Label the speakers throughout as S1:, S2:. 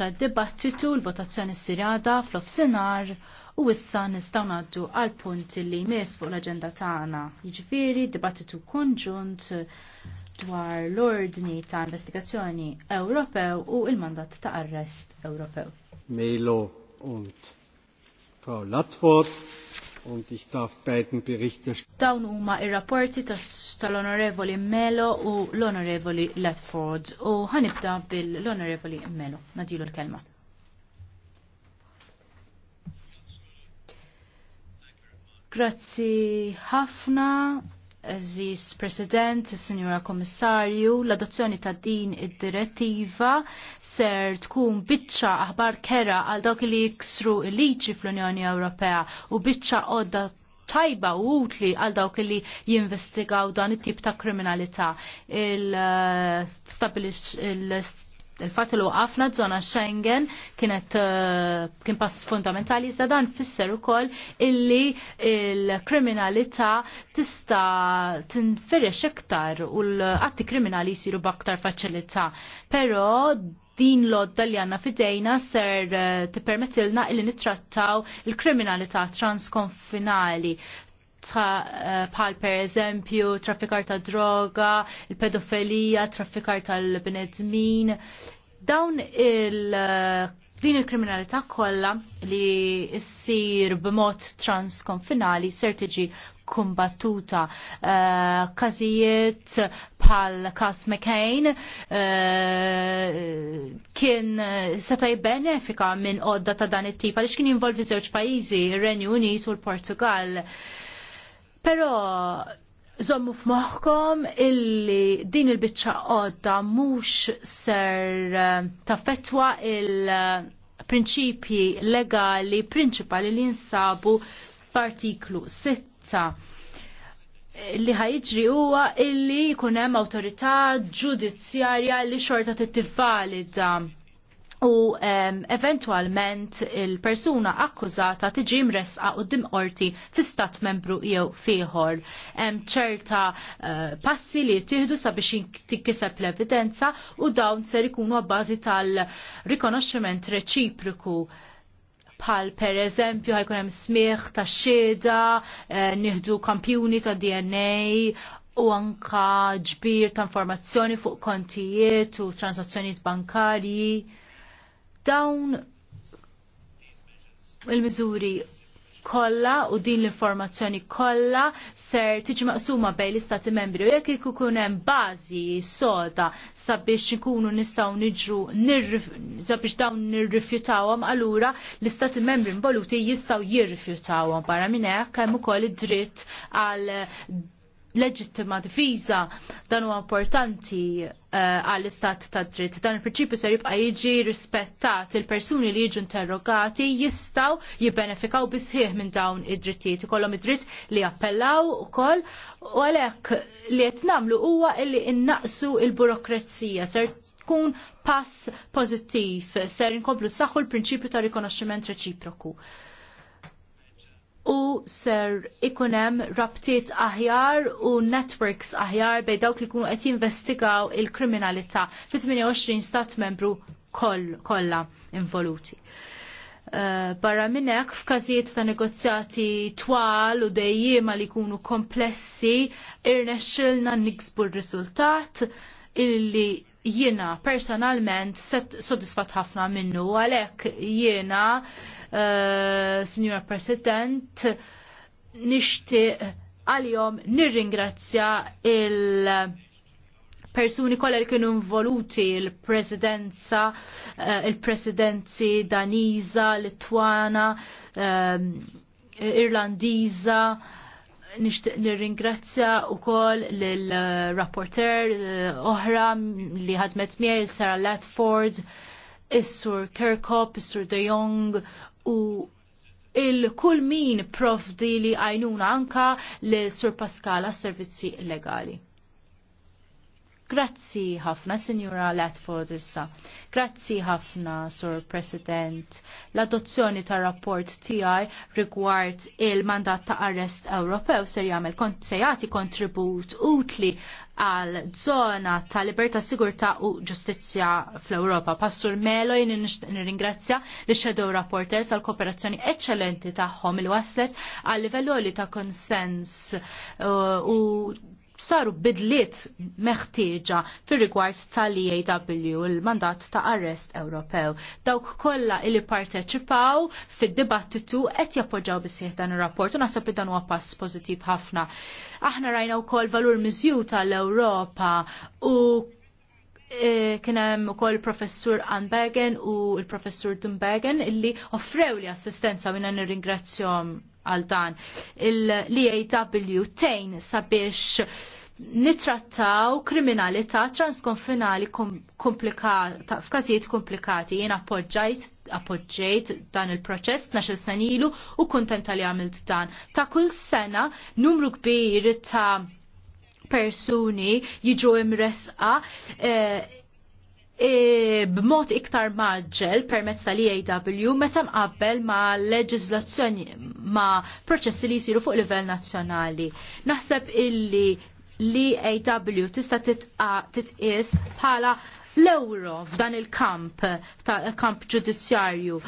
S1: spiċċa d-dibattitu l-votazzjoni s-sirada fl-ofsenar u issa nistaw naddu għal punt li jmiss fuq l-agenda tagħna. Jiġifieri dibattitu konġunt dwar l-ordni ta' investigazzjoni Ewropew u il-mandat ta' arrest Ewropew.
S2: Mejlo und Frau Latford und ich darf beiden Berichterstattern.
S1: Dawn huma ir-rapporti tal-Onorevoli Melo u l-Onorevoli Ledford u ħanibda bil-Onorevoli Melo. Nadilu l-kelma. Grazzi ħafna Aziz President, Signora Komissarju, l-adozzjoni ta' din id-direttiva ser tkun bitċa aħbar kera għal dawk li jiksru il-liġi fl-Unjoni Ewropea u bitċa għodda tajba u utli għal dawk li jinvestigaw dan it-tip ta' kriminalità. il il fat li għafna żona Schengen kienet eh, kien pass fundamentali iżda dan fisser ukoll illi il-kriminalità tista' tinferex iktar u l-atti kriminali jsiru b'aktar faċilità. Però din lodda li għanna fidejna ser eh, tippermettilna illi nittrattaw il-kriminalità transkonfinali bħal eh, per eżempju traffikar ta' droga, il-pedofilija, traffikar tal-bnedmin. Dawn il- eh, din il-kriminalità kollha li ssir b'mod transkonfinali ser tiġi kumbattuta uh, eh, bħal pal kas McCain uh, kien seta jibbenefika minn odda ta' dan it-tip għaliex kien jinvolvi żewġ pajjiżi, ir-Renju Unit u l-Portugal. Uh, Pero Zommu f'moħkom illi din il-bicċa qodda mux ser eh, taffetwa il-prinċipji legali prinċipali li jinsabu f'artiklu 6 li ħajġri huwa illi jkun hemm awtorità ġudizzjarja li xorta tittivalida u um, eventualment il-persuna akkużata tiġi mresqa u dimqorti fi stat membru jew fieħor. Hemm ċerta uh, passi li tieħdu sabiex tikkiseb l-evidenza u dawn ser ikunu b'bażi tal-rikonoxximent reċipriku bħal per eżempju ħajkun hemm smieħ ta' xhieda, eh, nieħdu kampjuni ta' DNA, u anka ġbir ta' informazzjoni fuq kontijiet u transazzjonijiet bankarji Dawn il-miżuri kollha u din l-informazzjoni kollha ser tiġi maqsuma bejn l-istati membri u jekk ikun hemm bażi soda sabiex ikunu nistgħu niġru sabiex dawn nirrifjutawhom allura l-istati membri involuti jistgħu jirrifjutawhom barra minn hekk hemm ukoll id-dritt għal leġittima difiża dan huwa importanti Eh, għall-istat ta' dritt. Dan il-prinċipju ser jibqa' jiġi rispettat il-persuni li jiġu interrogati jistgħu jibbenefikaw bisħieħ minn dawn id-drittijiet. Ikollhom id-dritt li appellaw ukoll u għalhekk li qed nagħmlu huwa li innaqsu il-burokrazija ser tkun pass pożittiv ser inkomplu saħħu l-prinċipju ta' rikonoxximent reċiproku u ser ikunem rabtiet aħjar u networks aħjar bej dawk li kunu qed jinvestigaw il-kriminalità fi 28 stat membru kollha involuti. Uh, barra minnek f'każijiet ta' negozjati twal u dejjima li kunu komplessi irnexxilna niksbu r-riżultat illi jiena personalment set sodisfat ħafna minnu għalhekk jiena Eh, Signor President, nixtieq għal-jom nirringrazzja il- persuni kolla li kienu involuti il-presidenza, eh, il-presidenzi Daniza, Litwana, eh, Irlandiza, nishtiq nirringrazzja u koll l-rapporter oħra li ħadmet miej, Sara Latford, is-Sur Kirkop, is-Sur De Jong u il-kull min profdi li għajnuna anka l-Sur Pascal servizzi legali. Grazzi ħafna, Signora Latford issa. Grazzi ħafna, Sur President. L-adozzjoni ta' rapport tiegħi rigward il-mandat ta' arrest Ewropew ser jagħmel se jagħti kontribut utli għal zona ta' libertà, sigurtà u ġustizzja fl-Ewropa. Passur Melo jien nirringrazzja li shadow rapporters għal kooperazzjoni eċċellenti tagħhom il waslet għal livelloli ta' konsens uh, u saru bidliet meħtieġa fir rigward tal-EAW il-mandat ta' arrest Ewropew. Dawk kollha li parteċipaw fid-dibattitu qed jappoġġaw bisieħ dan ir-rapport u naħseb li dan huwa pass pożittiv ħafna. Aħna rajna wkoll valur miżju tal-Ewropa u e, kien hemm ukoll professur Anbegen u l-professur Dunbergen illi offrew li assistenza minna nirringrazzjom għal dan. Il-LAW tejn sabiex nitrattaw kriminalità transkonfinali komplikata, f'każijiet komplikati. Jien appoġġajt appoġġejt dan il-proċess naxil sanilu u kontenta li għamilt dan. Ta' kull sena numru kbir ta' persuni jiġu imresqa eh, E, b'mod iktar maġġel permezz tal-EAW meta mqabbel ma' leġiżlazzjoni ma' proċessi li jsiru fuq livell nazzjonali. Naħseb illi l-EAW tista' titqis bħala l-euro f'dan il-kamp tal-kamp ġudizzjarju.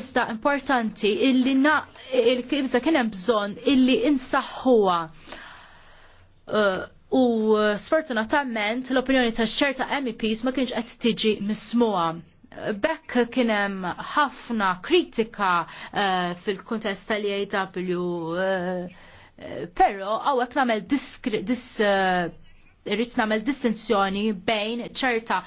S1: Iżda importanti illi na il-kibza kien hemm bżonn illi insaħħuha. Uh, U uh, sfortunatament l-opinjoni ta' xerta MEPs ma kienx qed tiġi mismuha. Bekk kienem ħafna kritika uh, fil kuntest tal-JW, uh, però pero għawek namel dis, irrit namel distinzjoni bejn ċerta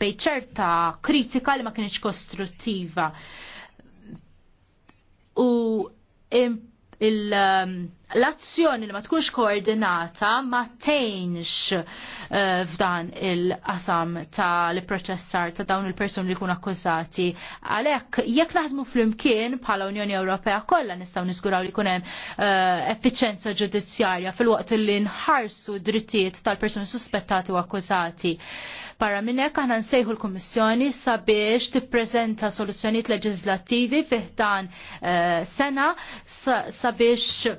S1: bejn ċerta kritika li ma kienx kostruttiva. U il- um, l-azzjoni li ma tkunx koordinata ma tejnx uh, eh, f'dan il-qasam tal-proċessar ta' dawn il-persuni li jkunu akkużati. Għalhekk jekk naħdmu flimkien bħala Unjoni Ewropea kollha nistgħu niżguraw li jkun hemm uh, effiċenza ġudizzjarja fil-waqt li nħarsu drittijiet tal-persuni suspettati u akkużati. Barra minn hekk aħna nsejħu l-Kummissjoni sabiex tippreżenta soluzzjonijiet leġislattivi fih dan uh, sena sabiex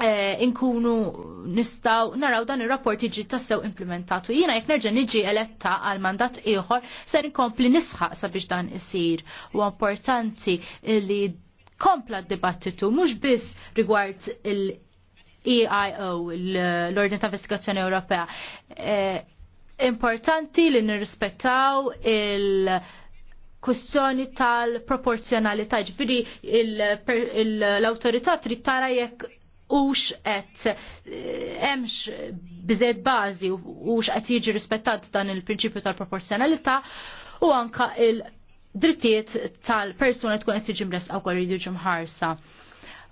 S1: Eh, inkunu nistaw naraw dan ir-rapport iġi tassew implementatu. Jiena jekk nerġa' niġi eletta għal mandat ieħor ser inkompli nisħaq sabiex dan isir. U importanti li kompla d-dibattitu mhux biss rigward il-EIO, l-Ordni ta' Investigazzjoni Ewropea. Eh, importanti li nirrispettaw il- kwestjoni tal-proporzjonalità, ġifiri l-autorità trid tara jekk ux qed hemmx eh, biżejt bażi ux et jiġi rispettat dan il-prinċipju tal-proporzjonalità u anka il-drittijiet tal-persuna tkun qed tiġi mres aw jridu ġu mħarsa.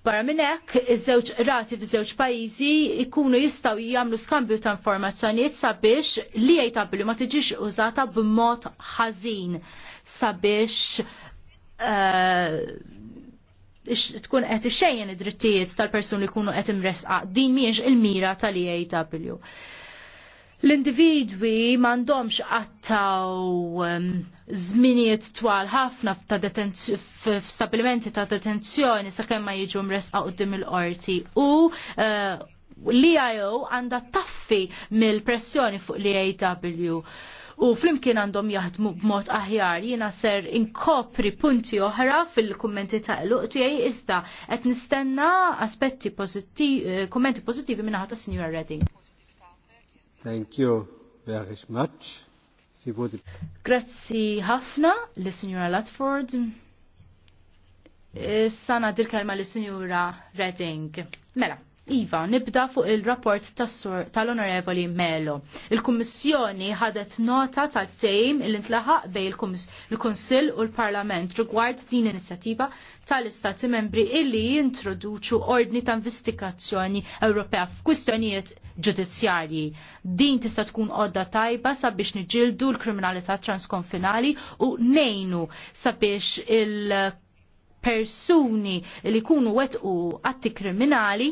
S1: Barra minn hekk, iż-żewġ rati f'żewġ pajjiżi jkunu jistgħu jagħmlu skambju ta' informazzjonijiet sabiex li jgħid ma tiġix użata b'mod ħażin sabiex uh, tkun qed ixejjen id-drittijiet tal-persuni li jkunu qed imresqa. Din mhijiex il-mira tal-EAW. L-individwi m'għandhomx għattaw um, żminijiet twal ħafna f'stabilimenti ta' detenzjoni sakemm ma jiġu mresqa qudiem il-qorti u uh, l-IO għandha taffi mill-pressjoni fuq l-EAW u flimkien għandhom jaħdmu b'mod aħjar jiena ser inkopri punti oħra fil-kummenti ta' eluq tiegħi iżda qed nistenna aspetti pożittivi eh, kummenti pożittivi minn ħata Sinjura Redding.
S2: Thank you very much. Grazzi
S1: ħafna li Sinjura Latford. Eh, Sana dirkelma kelma li Sinjura Redding. Mela. Iva, nibda fuq il-rapport tal-Onorevoli Melo. Il-Kummissjoni ħadet nota tal-tejm il-intlaħaq bej il-Konsil u l-Parlament rigward din inizjattiva tal-Istati membri illi jintroduċu ordni ta' investigazzjoni Ewropea f'kwistjonijiet ġudizzjarji. Din tista' tkun għodda tajba sabiex niġildu l-kriminalità transkonfinali u nejnu sabiex il- persuni li kunu wetqu atti kriminali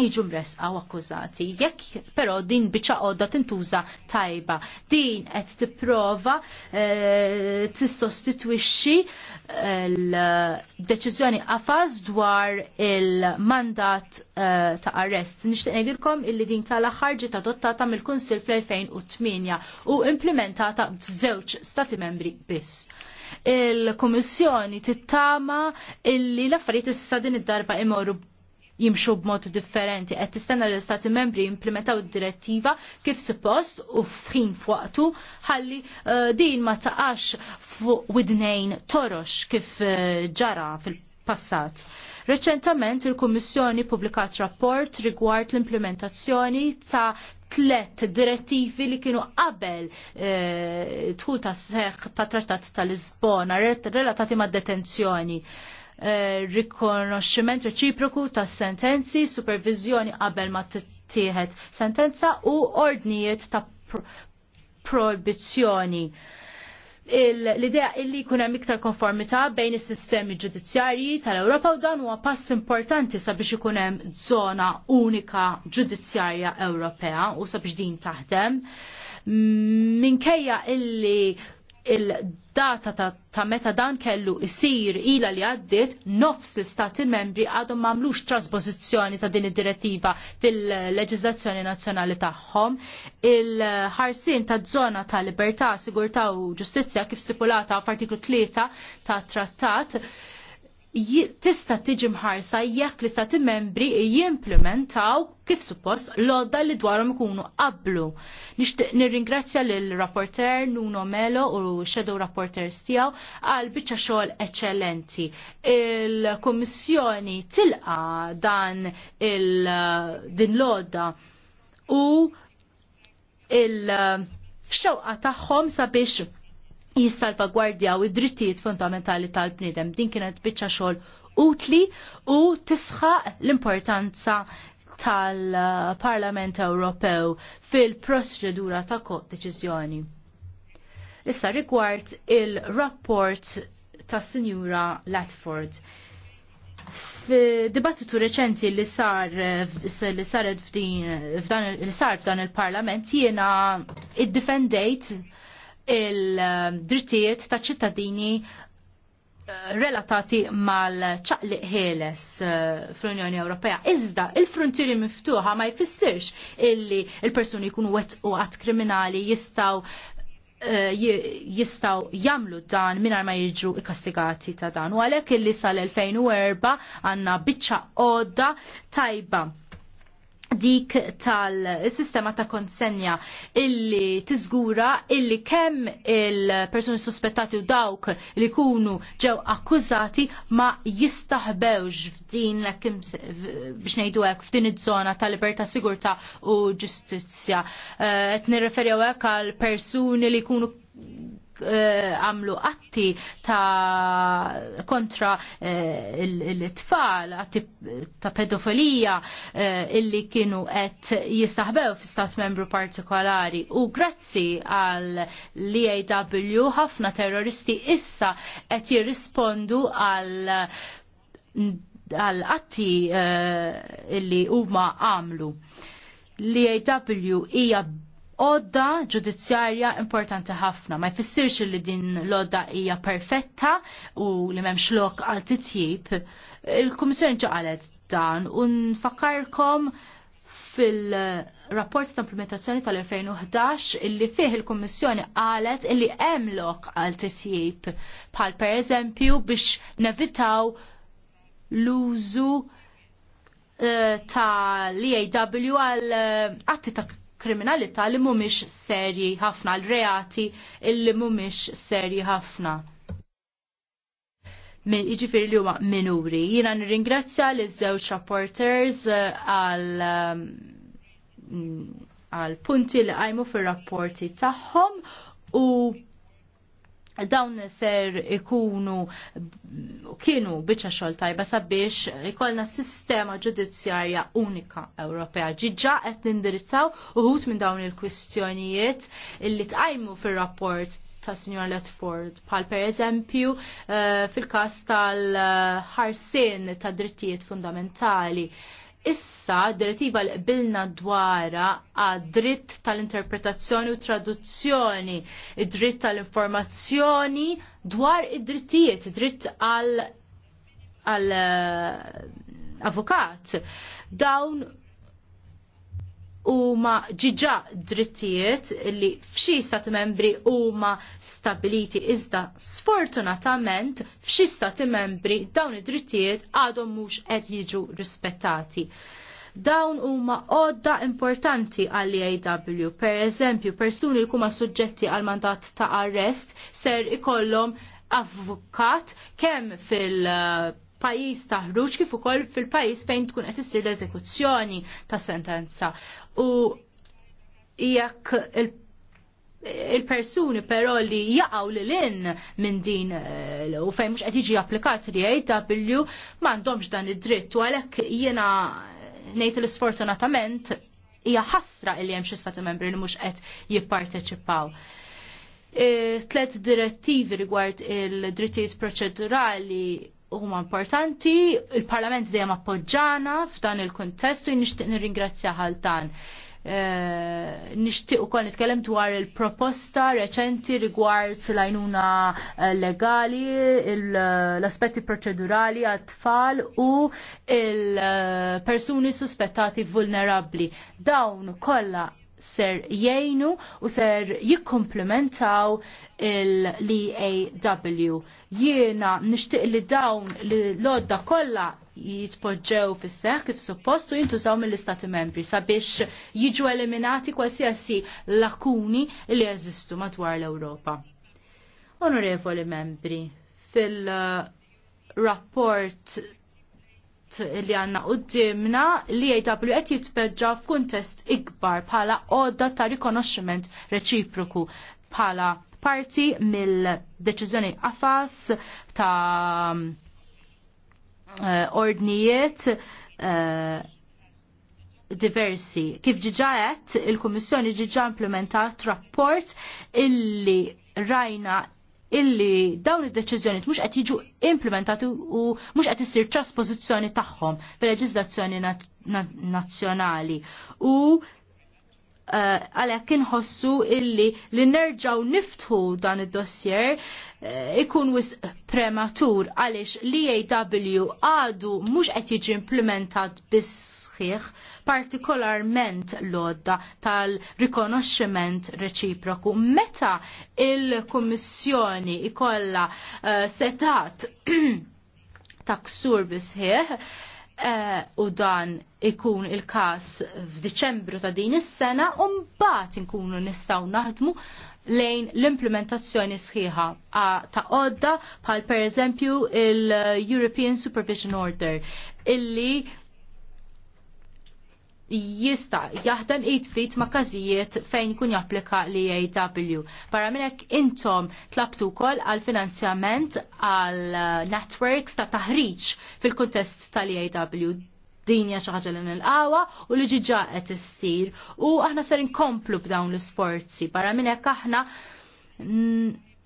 S1: jiġu mresqa akkużati. Jekk però din biċa qodda tintuża tajba, din qed tipprova eh, tissostitwixxi eh, l-deċiżjoni qafas dwar il-mandat eh, ta' arrest. Nixtieq ngħidilkom illi din tal-aħħar ġiet adottata mill-Kunsill fl-2008 u implementata f'żewġ stati membri biss il-Komissjoni tittama illi l-affarijiet issa din id-darba imorru jimxu b'mod differenti. Qed tistenna l istati membri jimplementaw id-direttiva kif suppost u fħin f'waqtu ħalli eh, din ma taqax fuq widnejn torox kif eh, ġara fil-passat. Reċentament il-Kummissjoni publikat rapport rigward l-implementazzjoni ta' tlet direttivi li kienu qabel tħul eh, ta' seħ ta' trattat ta' Lisbona relatati ma' detenzjoni. Eh, rikonoxximent reċiproku ta' sentenzi, supervizjoni qabel ma tittieħed sentenza u ordnijiet ta' proibizzjoni l-idea illi kun hemm iktar konformità bejn is-sistemi ġudizzjarji tal-Ewropa u dan huwa pass importanti sabiex ikun hemm żona unika ġudizzjarja Ewropea u sabiex din taħdem. Minkejja illi il-data ta', ta meta dan kellu isir ila li għaddit nofs l-istati membri għadhom mamlux trasposizjoni ta' din id-direttiva fil-leġizlazzjoni nazzjonali tagħhom. Il-ħarsin ta' zona ta' libertà, sigurtà u ġustizzja kif stipulata f'artiklu 3 ta' trattat tista' tiġi mħarsa jekk l-istati membri jimplementaw kif suppost l-odda li dwarhom ikunu qablu. Nixtieq nirringrazzja lill rapporter Nuno Melo u shadow rapporters tiegħu għal biċċa xogħol eċċellenti. Il-Kummissjoni tilqa dan il-din l-odda u il-xewqa tagħhom sabiex jissalvagwardjaw id-drittijiet fundamentali tal-bnidem. Din kienet biċċa xogħol utli u tisħaq l-importanza tal-Parlament Ewropew fil-proċedura ta' kot deċizjoni. Issa rigward il-rapport ta' Sinjura Latford. F-dibattitu reċenti li sar li saret f'dan li sar f'dan il-Parlament jiena iddifendejt il-drittijiet ta' ċittadini relatati mal ċaqli ħeles eh, fl-Unjoni Ewropea. Iżda, il-frontieri miftuħa ma jfissirx illi il-persuni jkunu wet u għat kriminali jistaw eh, jistaw jamlu dan minar ma jiġu ikastigati ta' dan. U għalek illi sal-2004 għanna bicċa odda tajba dik tal-sistema ta' konsenja illi tiżgura illi kemm il-persuni suspettati u dawk li kunu ġew akkużati ma jistaħbewx f'din biex ngħidu hekk f'din iż-żona ta' libertà sigurtà u ġustizzja. Eh, qed nirreferjaw hekk għal persuni li jkunu Eh, għamlu atti ta' kontra eh, l-tfal, atti ta' pedofilija eh, illi kienu qed jistaħbew fi stat membru partikolari. U grazzi għal l-EAW ħafna terroristi issa qed jirrispondu għal għal atti illi huma għamlu. L-EAW hija odda ġudizzjarja importanti ħafna. Ma jfissirx li din l-odda hija perfetta u li memx lok għal titjib. Il-Kummissjoni ġaqalet dan u nfakarkom fil-rapport ta' implementazzjoni tal-2011 illi fih il kummissjoni qalet illi hemm lok għal titjib bħal per eżempju biex nevitaw l-użu eh, ta' l-EAW għal eh, atti ta' kriminalità li mhumiex serji ħafna l-reati li mhumiex serji ħafna. Min, iġifiri li huma minuri. Jiena nirringrazzja liż żewġ rapporters eh, għal mm, għal punti li għajmu fil-rapporti tagħhom u dawn ser ikunu kienu biċa xol tajba sabiex ikolna sistema ġudizzjarja unika Ewropea. Ġiġa qed nindirizzaw uħut minn dawn il-kwistjonijiet illi tqajmu fir-rapport ta' Signor Letford, pal per eżempju eh, fil-kas tal-ħarsin ta' drittijiet fundamentali. Uh, Issa direttiva li qbilna dwara għad dritt tal-interpretazzjoni u traduzzjoni, id-dritt tal-informazzjoni dwar id-drittijiet, dritt għal eh, avukat. Dawn huma ġiġa drittijiet li f'xi stati membri huma stabiliti iżda sfortunatament f'xi stati membri dawn id-drittijiet għadhom mhux qed jiġu rispettati dawn huma għodda importanti għall aw Per eżempju, persuni li kuma suġġetti għal mandat ta' arrest ser ikollhom avukat kemm fil pajjiż taħruġ kif ukoll fil-pajjiż fejn tkun qed issir l-eżekuzzjoni ta' sentenza. U jekk il-persuni però li jaqaw li in minn din eh, u fejn mhux qed jiġi applikat li AW m'għandhomx dan id-dritt u għalhekk jiena ngħid l-isfortunatament hija ħasra li hemm xi stati membri li mhux qed jipparteċipaw eh, tlet direttivi rigward il-drittijiet proċedurali huma importanti, il-Parlament dejjem appoġġana f'dan il-kontestu u nixtieq nirringrazzja ħaltan. E, eh, nixtieq ukoll nitkellem dwar il-proposta reċenti rigward l-għajnuna eh, legali, l-aspetti proċedurali għat-tfal u il-persuni eh, suspettati vulnerabli. Dawn kollha ser jgħinu u ser jikkomplementaw il-LAW. E Jiena nixtieq li dawn li l-odda kollha jitpoġġew fis-seħ kif suppost u jintużaw mill-Istati Membri sabiex jiġu eliminati qualsiasi lakuni li jeżistu madwar l-Ewropa. Onorevoli Membri, fil-rapport patt li għanna u dimna li jgħidablu għet jitberġa f'kuntest ikbar bħala odda ta' rikonoxximent reċiproku bħala parti mill-deċiżjoni għafas ta' eh, ordnijiet uh, diversi. Kif ġiġa il komissjoni ġiġa implementat rapport illi rajna illi dawn id-deċiżjonijiet mhux qed jiġu implementati u mhux qed issir trasposizzjoni tagħhom fil-leġiżlazzjoni nazzjonali u Eh, għalhekk inħossu illi li nerġgħu niftħu dan id-dossier eh, ikun wis prematur għaliex l EW għadu mhux qed jiġi implementat bisħiħ partikolarment l-odda tal-rikonoxximent reċiproku. Meta il-Kummissjoni ikolla eh, setat taksur bisħiħ, Eh, u dan ikun il-kas f'Diċembru ta' din is-sena u mbagħad inkunu nistgħu naħdmu lejn l-implementazzjoni sħiħa ta' għodda bħal pereżempju il-European Supervision Order illi jista jaħdem 8 fit ma' każijiet fejn kun japplika li AW. Para minnek intom tlabtu kol għal finanzjament għal eh, networks ta' taħriġ fil-kontest tal aw dinja hija xi ħaġa qawa u li ġiġa qed issir u aħna ser inkomplu b'dawn l-isforzi para minnek aħna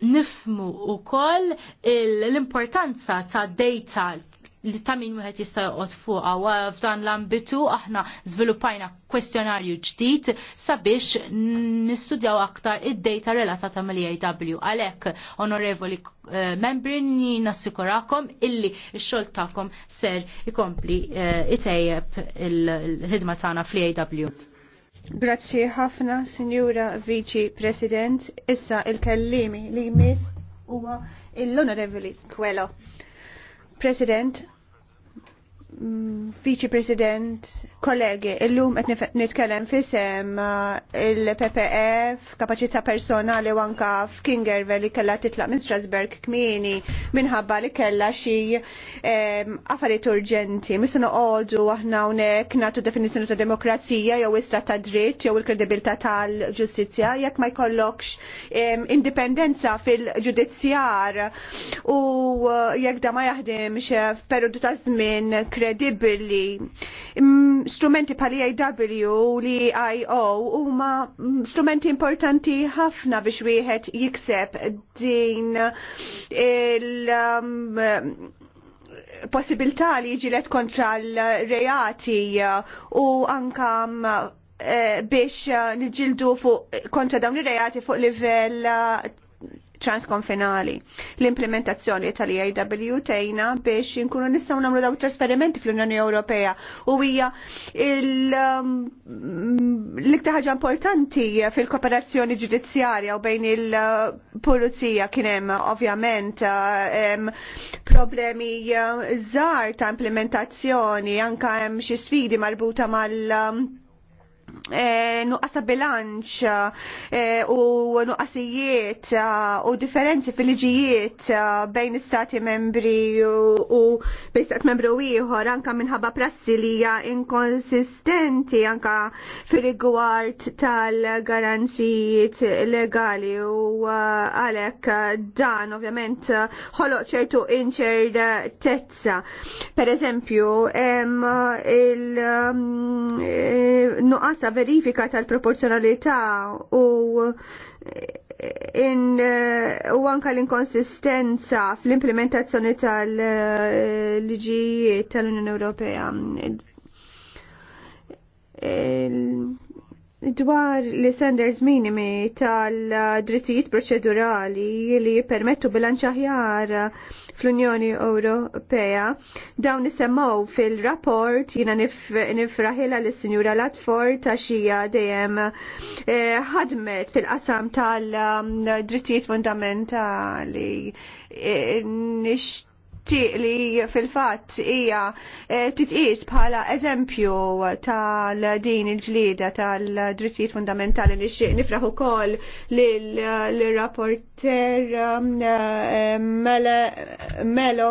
S1: nifmu u koll l-importanza ta' data li ta' min wieħed jista' joqgħod fuqha u f'dan l-ambitu aħna żviluppajna kwestjonarju ġdid sabiex nistudjaw aktar id-data relatata mal-EAW. Għalhekk, onorevoli eh, membri, nassikurakom illi x-xogħol tagħkom ser ikompli eh, itejjeb il-ħidma tagħna fl-EAW. Grazzi
S3: ħafna, Sinjura Viċi President. Issa il-kellimi li jmiss huwa l-Onorevoli Kwelo. President, Vice President, kollegi, illum qed nitkellem fisem il-PPF, kapaċità personali u anka f'Kingerve li kellha titlaq minn Strasberg kmieni minħabba li kellha xi ehm, affarijiet urġenti. Mista noqogħdu aħna hawnhekk nagħtu definizzjoni ta' demokrazija jew istat ta' dritt jew il-kredibilità tal-ġustizzja jekk ma jkollokx ehm, indipendenza fil-ġudizzjar u eh, jekk da ma jaħdimx f'perodu ta' żmien kredibbli. Strumenti pali IW li IO huma strumenti importanti ħafna biex wieħed jikseb din il um, possibilità li ġilet kontra l-reati u ankam um, eh, biex nġildu fuq kontra dawn ir-reati fuq livell transkonfinali. L-implementazzjoni tal-EIW tejna biex inkunu nistgħu nagħmlu daw trasferimenti fl-Unjoni Ewropea u hija um, l-iktar ħaġa importanti fil-kooperazzjoni ġudizzjarja u bejn il-pulizija kien hemm ovvjament uh, problemi uh, żgħar ta' implementazzjoni anke hemm xi sfidi marbuta mal- um, Eh, nuqqasa bilanċ eh, u nuqqasijiet eh, u differenzi fil ġijiet bejn istati membri u bejn istati membri u ieħor anka minħabba prassi li hija inkonsistenti anka fir-rigward tal-garanzijiet legali u għalhekk dan ovvjament ħoloq ċertu inċertezza. Per eżempju, il-nuqqas fil ta' verifika tal-proporzjonalità u in u anka l-inkonsistenza fl-implementazzjoni tal-liġijiet tal-Unjoni Ewropea dwar li standards minimi tal-drittijiet proċedurali li permettu bilanċ aħjar fl-Unjoni Ewropea. Dawn nisemmaw fil-rapport jina nifraħila l sinjura Latford ta' xija dejjem eh, ħadmet fil-qasam tal-drittijiet um, fundamentali. Eh, nix triq li fil-fatt hija eh, titqis bħala eżempju tal din il-ġlieda tal-drittijiet fundamentali nixtieq nifraħ ukoll l rapporter um, eh, Melo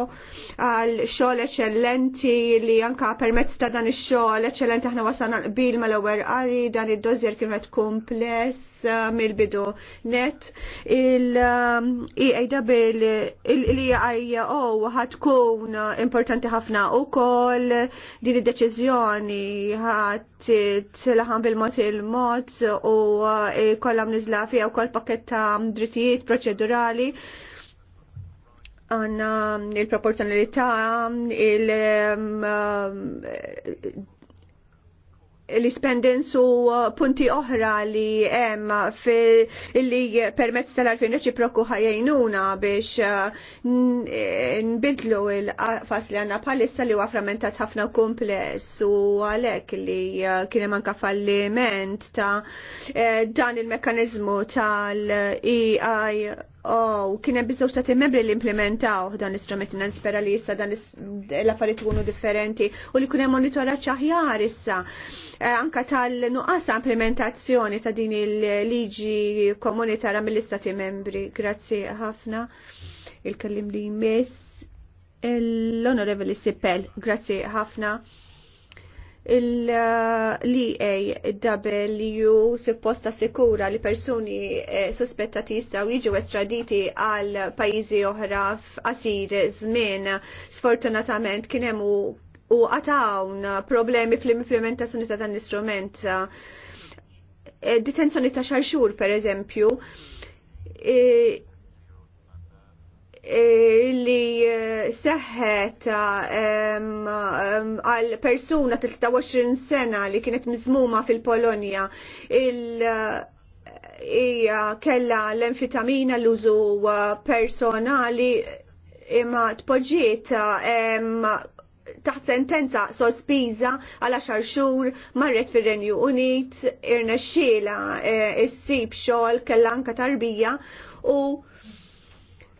S3: għal xogħol eċċellenti li anka permezz ta' dan ix-xogħol eċċellenti aħna wasalna qbil mal-ewwel qari dan id dozzer kienet kumpless eh, mill-bidu net il-EAW um, il-EIO tkun importanti ħafna u koll din id-deċizjoni ħat t-laħan bil-mod il-mod u e, kollam nizla fija u koll pakketta drittijiet proċedurali għanna il-proporzjonalità, il- l-ispendens su uh, punti oħra li hemm li permezz tal-arfin reċiproku ħajajnuna biex uh, nbidlu l-qafas li għanna palissa li huwa frammentat ħafna kumpless u għalhekk li uh, kien hemm anke falliment ta' eh, dan il mekanizmu tal-EI Oh, u kien hemm biżgħu stati membri li implementaw dan l-istrument nispera li issa dan l-affarijiet ikunu differenti u li kien hemm monitoraġġ aħjar issa eh, anka tal-nuqqas implementazzjoni ta' din il-liġi komunitarja mill-istati membri. Grazzi ħafna il-kellim li miss. l-Onorevoli Sipel. Grazzi ħafna l-EAW supposta sikura li persuni eh, suspettati jistaw jiġu estraditi għal pajizi oħra f'qasir żmien. Sfortunatament kien hemm u għatawn problemi fl-implementazzjoni ta' dan l-istrument. Eh, detenzjoni ta' xarxur, per eżempju, eh, li eh, seħħet ehm, ehm, għal persuna 23 sena li kienet mizmuma fil-Polonja il eh, ija kella l-enfitamina l-użu eh, personali imma tpoġġiet ehm, taħt sentenza sospiża għal xar xhur marret fir-Renju Unit irnexxiela ssib xogħol kellha anke tarbija u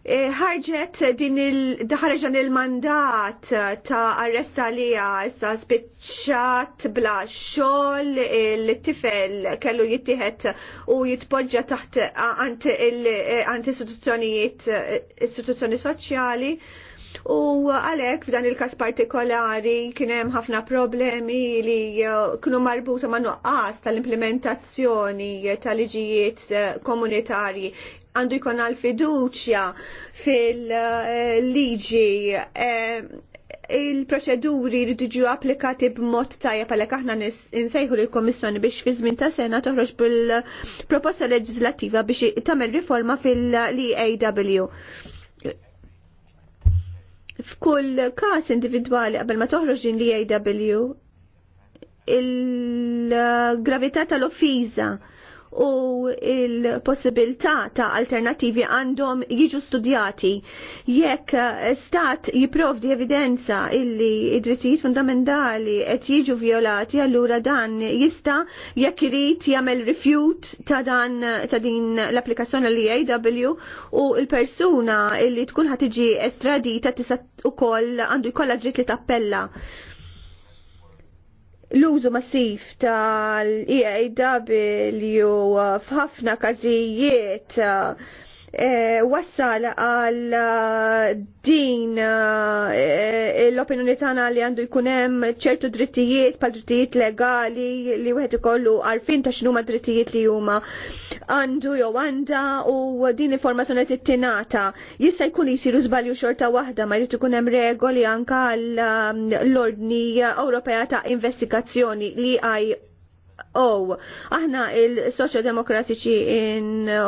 S3: Eh, ħarġet din il daħreġan il-mandat ta' arresta li issa spiċċat bla xogħol il-tifel kellu jittieħed u jitpoġġa taħt għant eh, eh, istituzzjoni soċjali. U għalek f'dan il-kas partikolari kienem ħafna problemi li kienu marbuta ma' nuqqas tal-implementazzjoni tal-liġijiet komunitarji għandu jkun għal fiduċja fil-liġi eh, il-proċeduri jridu ġu applikati b'mod tajjeb għalhekk aħna nsejħu lill-Kommissjoni biex fi żmien ta' sena toħroġ bil-proposta leġislattiva biex tagħmel riforma fil-EAW. F'kull każ individwali qabel ma toħroġ din l-EAW il-gravità tal-offiża u il-possibilità ta' alternativi għandhom jiġu studjati. Jekk eh, stat jiprovdi evidenza illi id-drittijiet fundamentali qed jiġu violati, allura dan jista' jekk irid jagħmel rifjut ta' dan ta' din l-applikazzjoni li AW u l-persuna illi tkun ħad tiġi estradita tisa' ukoll għandu jkollha dritt li tappella l-użu massiv tal-EAW f'ħafna każijiet Eh, wassal għal eh, din eh, l-opinjoni tagħna li għandu jkun hemm ċertu drittijiet pal drittijiet legali li wieħed ikollu għarfien ta' x'numa drittijiet li huma għandu jew għandha u din informazzjoni qed tittinata. Jista' jkun jsiru żbalju xorta waħda ma jrid ikun hemm regoli anke għall ehm, ordni Ewropea ta' investigazzjoni li e għaj Oh, Aħna il-Soċjodemokratiċi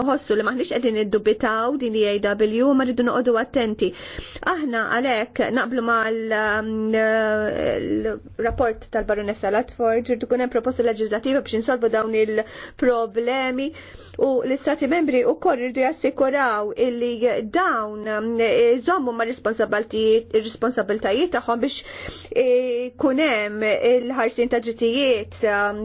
S3: ħossu li maħniex qegħdin iddubitaw din EAW AW ma rridu noqogħdu attenti. Aħna għalhekk naqblu mal-rapport um, tal-Baronessa Latford rridu kunem hemm proposta leġislativa biex insolvu dawn il-problemi u l-Istati membri u koll rridu jassikuraw illi dawn um, iżommu ma' responsabiltajiet tagħhom biex eh, kunem il-ħarsin ta' drittijiet um,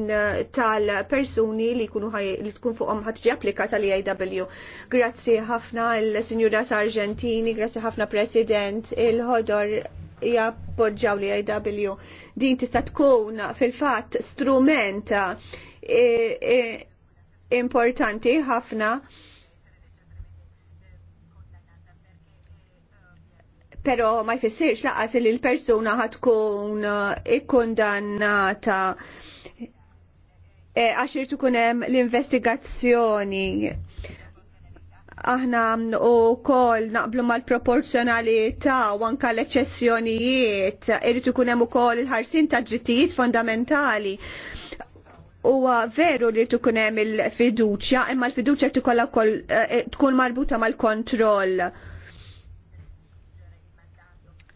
S3: tal-persuni li kunu li tkun fuqhom ħatġi applika tal IW. Grazzi ħafna l-Sinjura Sargentini, grazzi ħafna President il-ħodor jappoġġaw li IW. Din tista' tkun fil-fatt strument e, e, importanti ħafna pero ma jfissirx laqas li l-persuna ħatkun ikkondannata Eh, għax irtu kunem l-investigazzjoni. Aħna u kol naqblu mal-proporzjonalità u anka l-eċessjonijiet, irritu kunem u kol il-ħarsin ta' drittijiet fondamentali. Huwa veru li tkun hemm il-fiduċja, imma l-fiduċja tikolla eh, tkun marbuta mal-kontroll.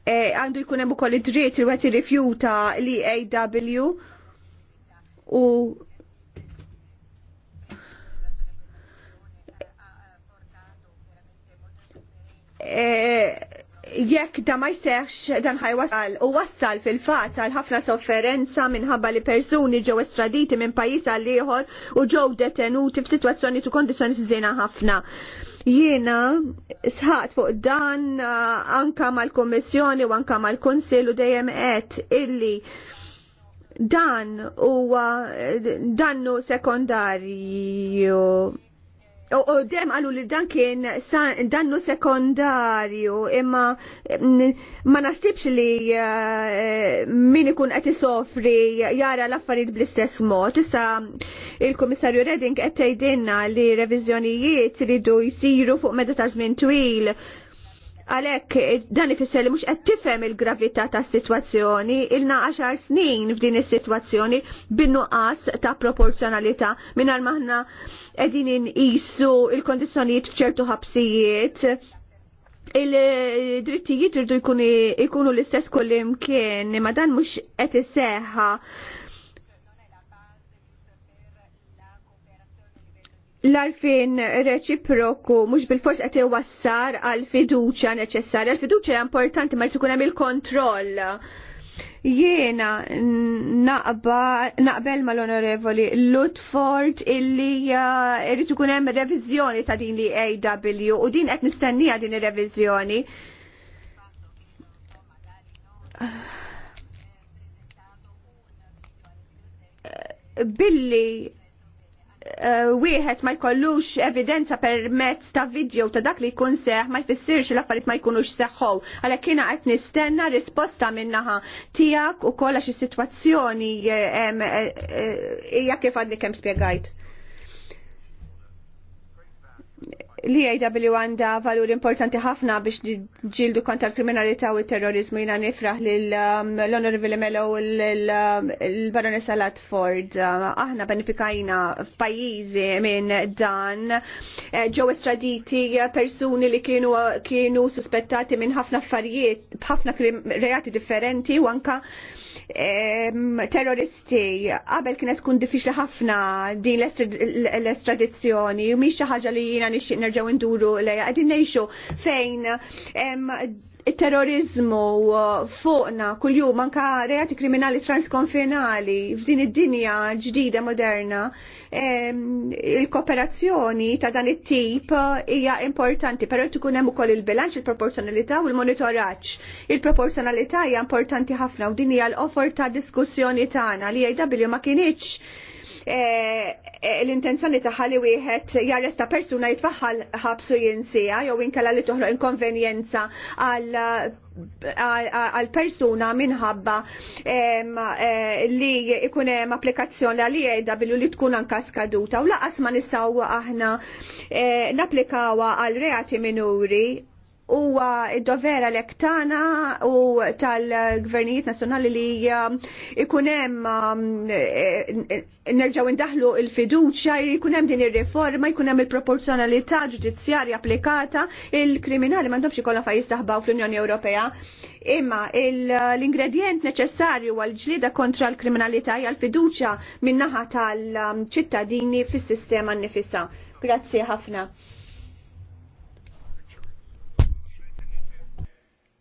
S3: Eh, għandu jkun hemm ukoll id-dritt li wieħed jirrifjuta l aw u Eh, jekk da ma jseħx dan ħajwasal u wassal fil fat għal ħafna sofferenza minħabba li persuni ġew estraditi minn pajjiż għal ieħor u ġew detenuti f'sitwazzjoni tu kondizzjoni żiena ħafna. Jiena sħat fuq dan eh, anka mal-Kommissjoni u anka mal-Kunsill u dejjem qed illi dan huwa eh, dannu sekondarju U dem għallu li dan kien dannu sekondarju imma mm, ma nasibx li eh, min ikun qed isofri jara l-affarijiet bl-istess mod. Issa il-Kummissarju Redding qed tgħidilna li reviżjonijiet ridu jsiru fuq meta ta' żmien twil għalek dan ifisser li mhux qed tifhem il-gravità tas-sitwazzjoni ilna għaxar snin f'din is-sitwazzjoni bin-nuqqas ta' proporzjonalità mingħajr maħna edin inqisu il kondizjoniet ċertu ħabsijiet il-drittijiet irdu jkunu l-istess kollim kien ma dan mhux qed iseħħa l-arfin reċiproku mhux bil-fors qed wassar għal fiduċja neċessarja. l fiduċja importanti ma jrid ikun hemm il-kontroll Jiena naqbel mal-Onorevoli Lutford illi irrid ikun hemm revizjoni ta' din li AW u din qed nistennija din ir-reviżjoni. Billi Eh, wieħed ma jkollux evidenza permezz ta' video ta' dak li jkun seħ ma jfissirx l-affarijiet ma jkunux seħħow. Għalhekk kiena qed nistenna risposta minnaħa tiegħek ukoll għax is-sitwazzjoni eh, eh, hija kif għandi kemm spjegajt. li AW għanda valur importanti ħafna biex ġildu kontra l-kriminalità u terrorizmu jina nifraħ um, l-Honorable Melo u um, l-Baronessa Latford. Um, aħna benifikajna f'pajjiżi minn dan eh, ġew estraditi persuni li kienu kienu suspettati minn ħafna affarijiet, b'ħafna reati differenti u anka terroristi. Qabel kienet tkun diffiċli ħafna din l-estradizzjoni u mhix xi ħaġa li jiena nixtieq nerġgħu nduru lejha qegħdin ngħixu fejn terrorizmu uh, fuqna kuljum anka reati kriminali transkonfinali f'din id-dinja ġdida moderna il-kooperazzjoni ta' dan it-tip uh, hija importanti, però tkun hemm ukoll il-bilanċ, il-proporzjonalità u l-monitoraġġ. Il-proporzjonalità hija importanti ħafna u din hija l-offer ta' diskussjoni tagħna li jgħidha billi ma kinitx. Eh, eh, l-intenzjoni taħħa li wieħed jarresta persuna jitfaħħal ħabsu jinsija jew inkella li toħroq inkonvenjenza għal għal persuna minħabba eh, li ikun hemm applikazzjoni għal jgħida e billu li tkun anka skaduta u laqas ma nisaw aħna napplikawa għal reati minuri huwa id-dovera l tagħna u tal-gvernijiet nazzjonali li um, ikun hemm um, eh, nerġgħu indaħlu l-fiduċja, jkun hemm din ir-riforma, jkun hemm il-proporzjonalità ġudizzjarja applikata, il-kriminali m'għandhomx ikollha fa jistaħbaw fl-Unjoni Ewropea. Imma l-ingredient neċessarju għal ġlida kontra l-kriminalità hija fiduċa fiduċja min-naħa tal-ċittadini um, fis-sistema nifissa. Grazie ħafna.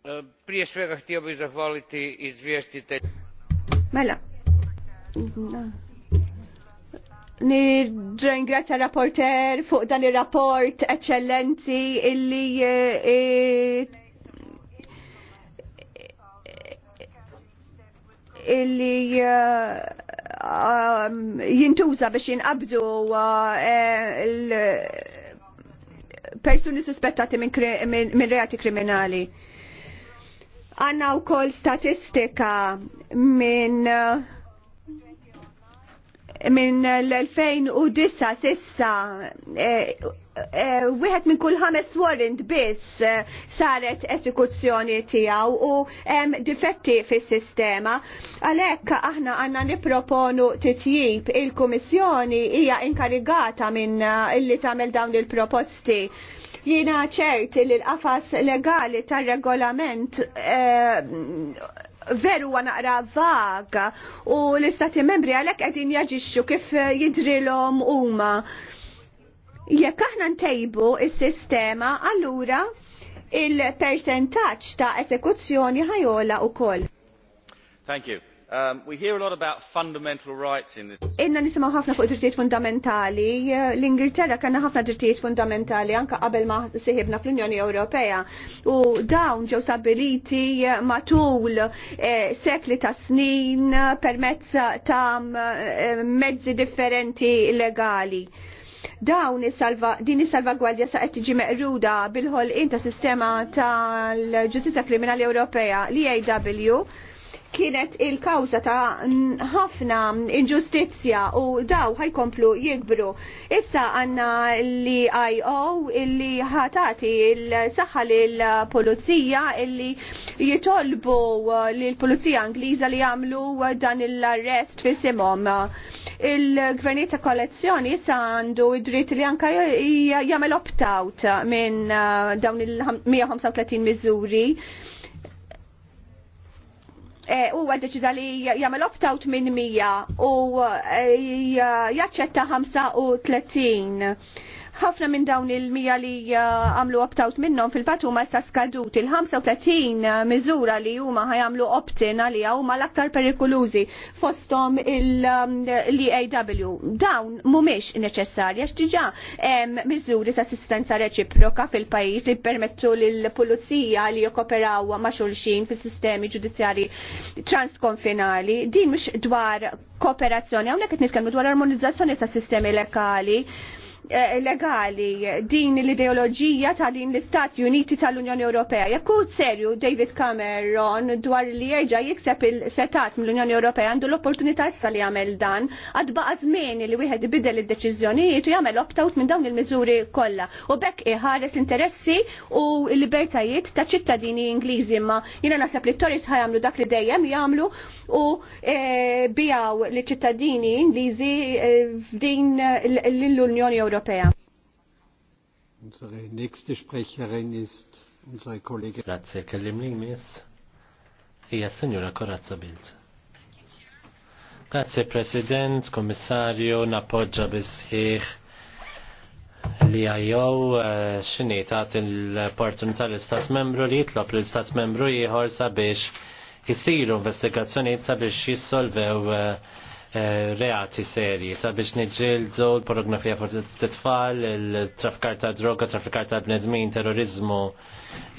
S2: Eh, prije svega htio bih zahvaliti izvjestitelj.
S3: Mela. Nirringrazzja rapporter fuq dan ir-rapport eccellenzi illi eh, eh, illi um, jintuża biex jinqabdu il persuni suspettati minn min reati kriminali. Għanna u kol statistika minn minn l-2009 sissa e, e, wieħed minn kull ħames warrant biss e, saret esekuzzjoni tiegħu u hemm difetti fis-sistema. Għalhekk aħna għandna nipproponu titjib il-Kummissjoni hija inkarigata minn illi tagħmel dawn il-proposti. il proposti Jiena ċert li l-qafas legali tar-regolament eh, veru għan naqra vaga u l-istati membri għalek għedin jaġixxu kif jidrilom huma. Jekk aħna ntejbu il sistema allura il-percentaċ ta' esekuzzjoni ħajola u koll.
S2: Thank you.
S4: Um, we hear a lot about fundamental rights in this.
S3: Inna nisimgħu ħafna fuq drittijiet fundamentali. L-Ingilterra kellna ħafna drittijiet fundamentali anke qabel ma siħibna fl-Unjoni Ewropea. U dawn ġew stabiliti matul eh, sekli ta' snin permezz ta' eh, mezzi differenti legali dawn is-salva din is-salvagwardja sa qed tiġi meqruda bil-ħolqien ta' sistema tal-Ġustizzja Kriminali Ewropea l-EAW kienet il-kawza ta' ħafna inġustizja u daw ħajkomplu jikbru. Issa għanna li IO illi ħatati il-saxħa l-polizija illi jitolbu l-polizija Angliża li jagħmlu dan l-arrest fi Il-gvernijiet ta' kollezzjoni issa għandu id-dritt li anka jagħmel opt-out minn uh, dawn il-135 miżuri Eh, huwa deċida li jagħmel opt-out minn 100 u eh, jaċċetta 35 ħafna minn dawn il-mija li uh, għamlu opt-out minnhom fil-fatt ma issa skadut. Il-35 uh, miżura li huma ħajamlu opt-in għalija huma l-aktar perikolużi fosthom um, l-EAW. Dawn mhumiex neċessarja x'tiġa hemm miżuri ta' assistenza reċiproka fil-pajjiż li permettu lill-pulizija li jokoperaw ma' xulxin fis-sistemi ġudizzjarji transkonfinali. Din mhux dwar kooperazzjoni, hawnhekk qed nitkellmu dwar armonizzazzjoni ta' sistemi lokali Eh, legali din l-ideoloġija ta' din l-Istati Uniti tal-Unjoni Ewropea. Jekk serju David Cameron dwar li jerġa' jikseb il-setat mill-Unjoni Ewropea għandu l-opportunità issa li jagħmel dan għad baqa' żmien li wieħed ibidel id-deċiżjonijiet u jagħmel opt-out minn dawn il-miżuri kollha. U bekk iħares interessi u l-libertajiet ta' ċittadini Ingliżi imma jiena naħseb li t-Tories ħajamlu dak li dejjem jagħmlu u eh, bijaw li ċittadini Ingliżi eh, f'din l-Unjoni Ewropea. Ewropea.
S2: Unsere nächste Sprecherin ist unsere Kollegin. Grazie, kellim li Ija, e Signora Corazza Bilz. Grazie, President, Kommissarju, Napoggia bisħiħ li għajow eh, xini taħt l-opportunità l-Istat membru li jitlop l-Istat membru jihor sabiex jisiru investigazzjoni sabiex jissolvew uh, Eh, reati serji sabiex nġildu l-pornografija forti t-tfal, il-traffikar ta' droga, traffikar ta' bnedmin, terrorizmu,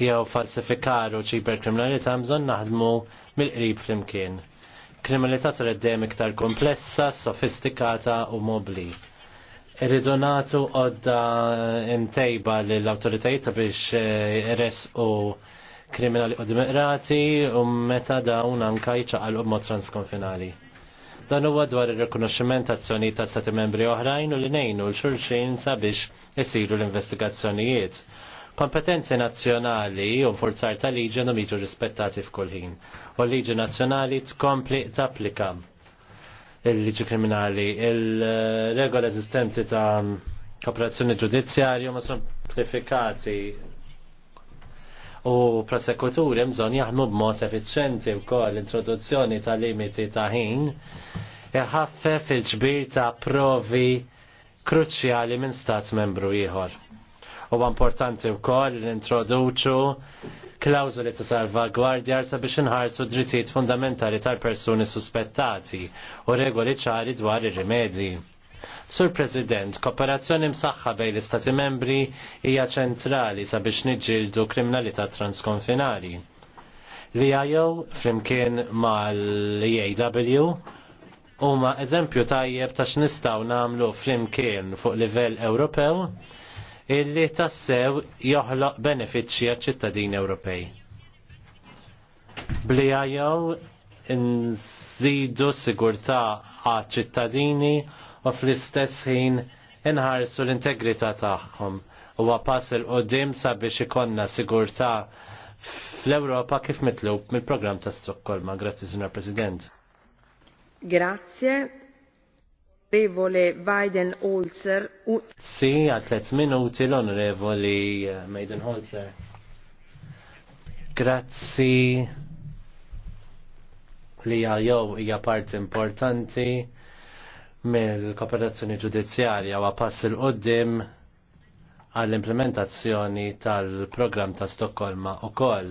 S2: jew falsifikar u kriminalità bżonn naħdmu mill-qrib flimkien. Kriminalità s dejjem iktar komplessa, sofistikata u mobli. Irridu nagħtu għodda imtejba lill-awtoritajiet sabiex eh, res u kriminali u demokrati u meta dawn anka jċaqalqu mod transkonfinali. Dan huwa dwar ir-rikonoxximent azzjoni ta' stati membri oħrajn u li ngħinu l-xulxin sabiex isiru l-investigazzjonijiet. Kompetenzi nazzjonali u forzar ta' liġi għandhom jiġu rispettati f'kulħin. U l-liġi nazzjonali tkompli tapplika il-liġi kriminali, il-regola eżistenti ta' kooperazzjoni ġudizzjarju ma' semplifikati u prosekuturi mżon jaħdmu b'mod effiċenti wkoll l-introduzzjoni ta' limiti ta' ħin iħaffef il-ġbir ta' provi kruċjali minn stat membru ieħor. U importanti wkoll l-introduċu klawzuli ta' salvagwardja sabiex inħarsu drittijiet fundamentali tal-persuni suspettati u regoli ċari dwar ir-rimedji Sur President, kooperazzjoni msaħħa bejn l-Istati membri hija ċentrali sabiex niġġieldu kriminalità transkonfinari. L-IAO flimkien mal-EAW huma eżempju tajjeb ta' x'nistgħu nagħmlu flimkien fuq livell Ewropew illi tassew joħloq benefiċċji għaċ-ċittadini Ewropej blijajaw nżidu sigurtà għaċ ċittadini u fl-istess ħin inħarsu l-integrità tagħhom. Huwa pass il qudiem sabiex ikonna sigurtà fl-Ewropa kif mitlub mill-programm ta' Stokkolma. Grazzi, Signor President.
S4: Grazie. Revole Biden Holzer.
S2: Si, għatlet minuti l-onorevoli eh, Maiden Holzer. Grazzi li jow hija parti importanti mill-kooperazzjoni ġudizzjarja wa pass il qoddim għall-implementazzjoni tal-programm ta' Stokkolma u koll.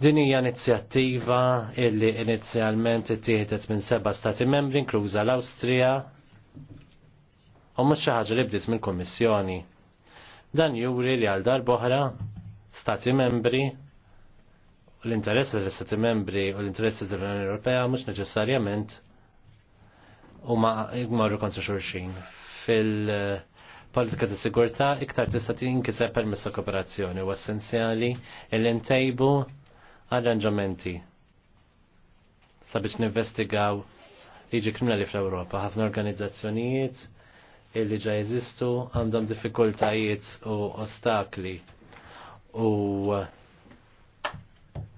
S2: Din hija inizjattiva illi inizjalment ittieħdet minn seba' stati membri inkluża l-Awstrija u mhux xi ħaġa li bdiet mill-Kummissjoni. Dan juri li għal darb'oħra stati membri u l-interessi tal-Stati membri u l-interessi tal-Unjoni Ewropea mhux neċessarjament u ma jgmarru kontra xurxin. Fil-politika ta' sigurta iktar tista' tinkiseb permess ta' kooperazzjoni u essenzjali il-intejbu arranġamenti sabiex ninvestigaw liġi kriminali fl-Ewropa. Ħafna organizzazzjonijiet illi ġa jeżistu għandhom diffikultajiet u ostakli u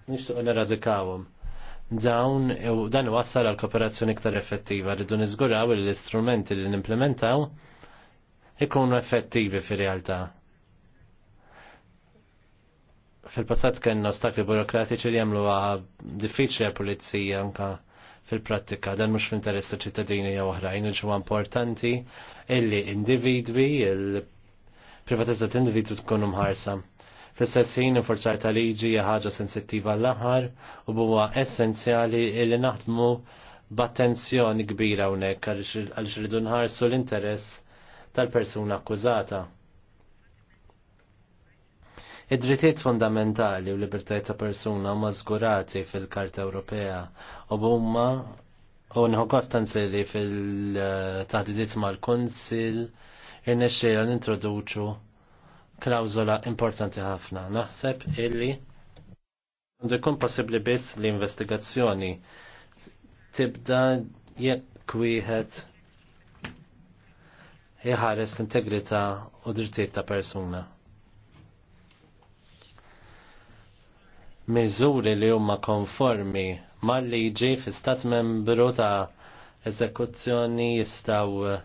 S2: nixtuq neradikawhom dawn dan wassal għal kooperazzjoni iktar effettiva rridu niżguraw li l-istrumenti li nimplementaw ikunu effettivi fir-realtà. Fil-passat kien ostakli burokratiċi li jagħmlu diffiċli għal pulizija anka fil-prattika dan mhux fl-interess ta' ċittadini jew oħrajn il importanti illi individwi il privatizzat individwi individwu tkun fis sessin forzar ta' liġi ħaġa sensittiva l-aħħar u huwa essenzjali li naħdmu b'attenzjoni kbira hawnhekk għaliex rridu nħarsu l-interess tal-persuna akkużata. Id-drittijiet fundamentali u libertajiet ta' persuna huma żgurati fil-Karta Ewropea u huma u nħu kostanzi li fil-taħdidiet mal-Kunsil irnexxiela nintroduċu klawzola importanti ħafna. Naħseb illi għandu jkun possibbli biss li investigazzjoni tibda jekk wieħed jħares l-integrità u drittijiet ta' persuna. Miżuri li huma konformi mal-liġi fi stat membru ta' eżekuzzjoni jistaw uh,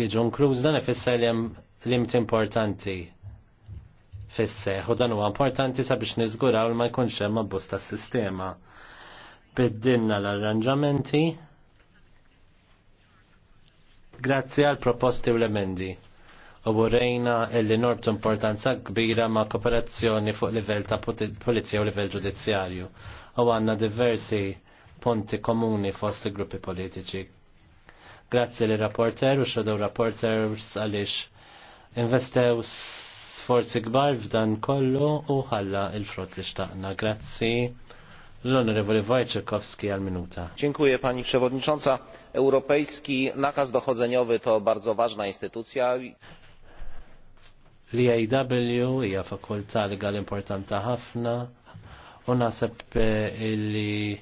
S2: jiġu nkluż dan ifisser li hemm limt importanti fisseħ u dan huwa importanti sabiex niżguraw ma jkunx hemm abbuż tas-sistema. Biddinna l-arranġamenti grazzi għal proposti u l-emendi u burrejna illi norbt importanza kbira ma' kooperazzjoni fuq livell ta' polizija u livell ġudizzjarju u għanna diversi punti komuni fost gruppi politiċi. Grazzi li rapporter u xadow rapporter għaliex Investew sforzi gbar f'dan kollu u ħalla il-frott li xtaqna. Grazzi. L-Onorevoli Wojciechowski għal minuta. Dziękuję Pani Przewodnicząca. Europejski Nakaz Dochodzeniowy to bardzo ważna instytucja. L-IAW e hija fakulta legal importanta ħafna u naseb eh, li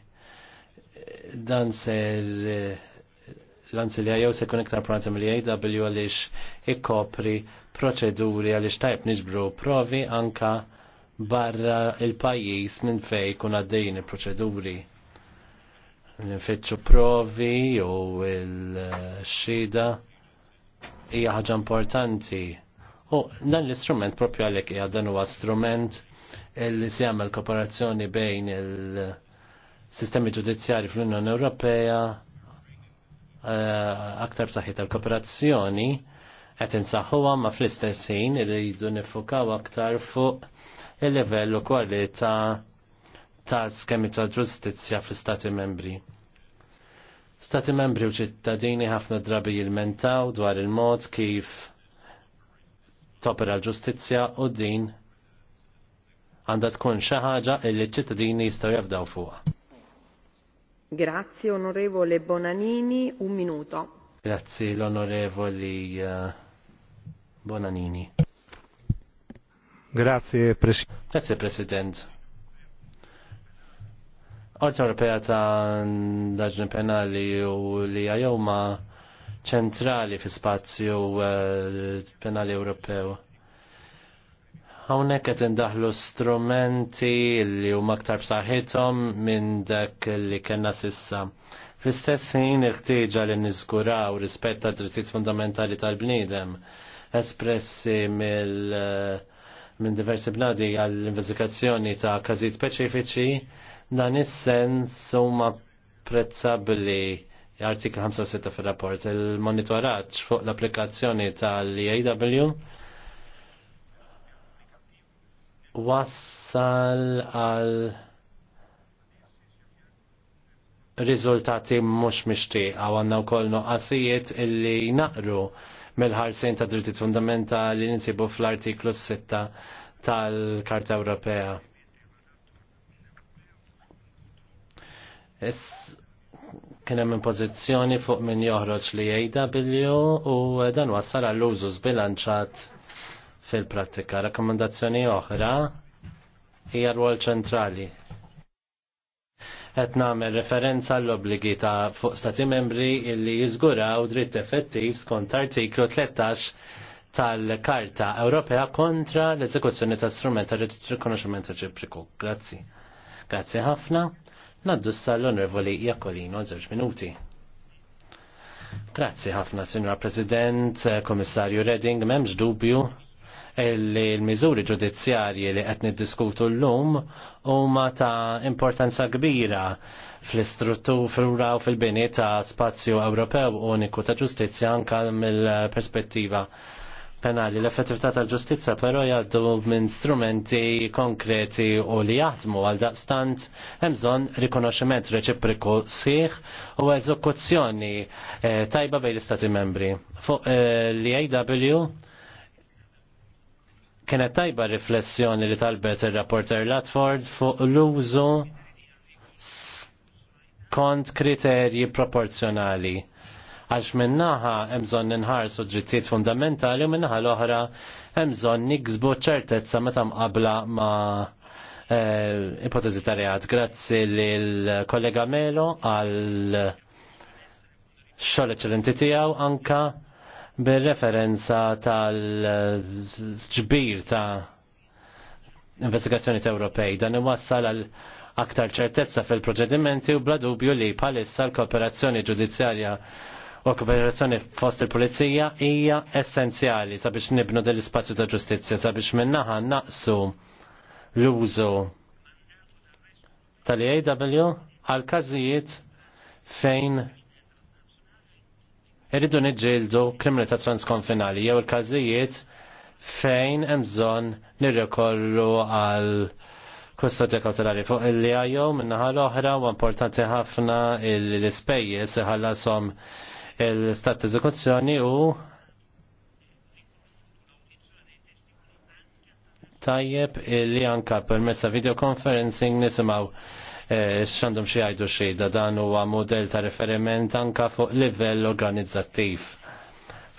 S2: dan ser eh, l-anzilja jew se jkun iktar pranza mill-AW għaliex ikkopri proċeduri għaliex tajb niġbru provi anka barra il-pajjiż minn fej kun għaddejn il-proċeduri. Nifetxu provi u il-xida hija ħaġa importanti. U dan l-istrument propju għalek hija dan huwa strument li se jagħmel kooperazzjoni bejn il-sistemi ġudizzjari fl-Unjoni Ewropea Eh, aktar saħħi tal-kooperazzjoni qed insaħħuha ma fl-istess ħin iridu nifukaw aktar fuq il-livell ukoll ta' ta' skemi ta' ġustizzja fl-Stati membri. Stati membri u ċittadini ħafna drabi jilmentaw dwar il-mod kif topera l-ġustizzja u din għandha tkun xi ħaġa li ċ-ċittadini jistgħu jafdaw fuqha.
S3: Grazie onorevole Bonanini, un minuto.
S2: Grazie l'onorevole eh, Bonanini. Grazie, pres Grazie Presidente. Orta Ewropea ta' daġni penali u li għajoma ċentrali fi spazju eh, penali europeo. Hawnhekk qed indaħlu strumenti li huma aktar b'saħħithom minn dak li kellna sissa. Fl-istess ħin il-ħtieġa li niżguraw rispett tad drittijiet fundamentali tal-bniedem espressi mill eh, minn diversi bnadi għall-investigazzjoni ta' każijiet speċifiċi dan is-sens huma prezzabbli artiklu 56 fil-rapport il-monitoraġġ fuq l-applikazzjoni tal-EAW wassal għal riżultati mhux mixtieq għaw għandna wkoll għasijiet illi naqru mill-ħarsien ta' dritti fundamentali li nsibu fl-artiklu 6 tal-Karta Ewropea. Is kien hemm pożizzjoni fuq min joħroġ li jgħidha bilju u dan wassal għall użu zbilanċat fil-prattika. Rakkomandazzjoni oħra hija rwol ċentrali. Qed nagħmel referenza l obbligi ta' fuq stati membri illi jiżguraw dritt effettiv skont artiklu 13 tal-Karta Ewropea kontra l-eżekuzzjoni ta' strument ta' rikonoxximent reċipriku. Grazzi. Grazzi ħafna. Naddu sal-Onorevoli Jakolino, żewġ minuti. Grazzi ħafna, Sinjora President, Komissarju Redding, m'hemmx dubju li l-miżuri ġudizzjarji li qed niddiskutu llum huma ta' importanza kbira fl-istruttura u fil-bini ta' spazju Ewropew uniku ta' ġustizzja anka mill-perspettiva penali. L-effettività tal ġustizzja però jgħaddu minn strumenti konkreti u li jaħdmu għal daqstant hemmżon rikonoxximent reċipriku sħiħ u eżekuzzjoni eh, tajba bejn l-Istati membri. Fuq eh, l iaw Kienet tajba riflessjoni li talbet il-rapporter Latford fuq l-użu skont kriterji proporzjonali għax minnaħa emżon ninħarsu drittijiet fundamentali u minnaħa l-oħra emżon niksbu ċertezza meta mqabla ma e, ipotezi tarjat. Grazzi l-kollega Melo għal xol eċellenti tijaw anka bir-referenza tal-ġbir ta' investigazzjoni Ewropej. Dan iwassal għal aktar ċertezza fil-proċedimenti u bla dubju li palissa l-kooperazzjoni ġudizzjarja u kooperazzjoni fost il-pulizija hija essenzjali sabiex nibnu del spazju ta' ġustizzja sabiex minnaħa naqsu l-użu tal-EAW għal każijiet fejn irridu niġġieldu kriminalità transkonfinali jew il-każijiet fejn hemm bżonn nirrikorru għal kustodja kautelari fuq il-li għajom minnaħa l-oħra u importanti ħafna l-ispejjes iħallasom il-stat eżekuzzjoni u tajjeb li anka permezz ta' videoconferencing nisimaw Eh, x'għandhom xi jgħidu da dan huwa modell ta' riferiment anka fuq livell organizzattiv.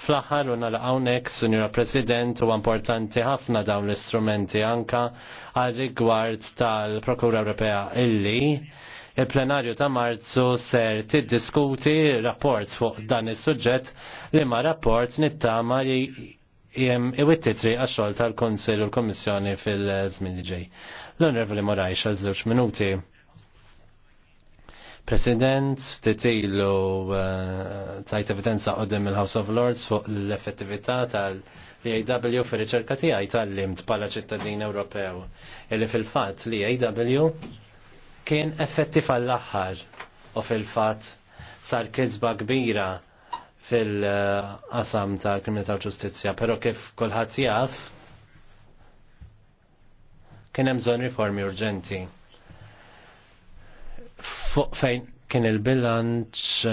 S2: Fl-aħħar u għawnek Sinjura President, huwa importanti ħafna dawn l-istrumenti anka għal rigward tal-Prokura Ewropea illi il-plenarju ta' marzu ser tiddiskuti rapport fuq dan is suġġett li ma' rapport nittama li jem iwittitri għaxol tal-Konsil u l-Komissjoni fil-żmien li ġej. L-Onorevoli Moraj, xal minuti. President, titilu uh, tajt evidenza qoddim il-House of Lords fuq l-effettività tal vaw fil riċerka tiegħi tal-limt bħala ċittadin Ewropew. Illi fil-fatt li e aw kien effettiv għall-aħħar u fil-fatt sar kizba kbira fil-qasam ta' kriminalità u ġustizzja, però kif kulħadd jaf kien hemm bżonn riformi urġenti fuq fejn kien il-bilanċ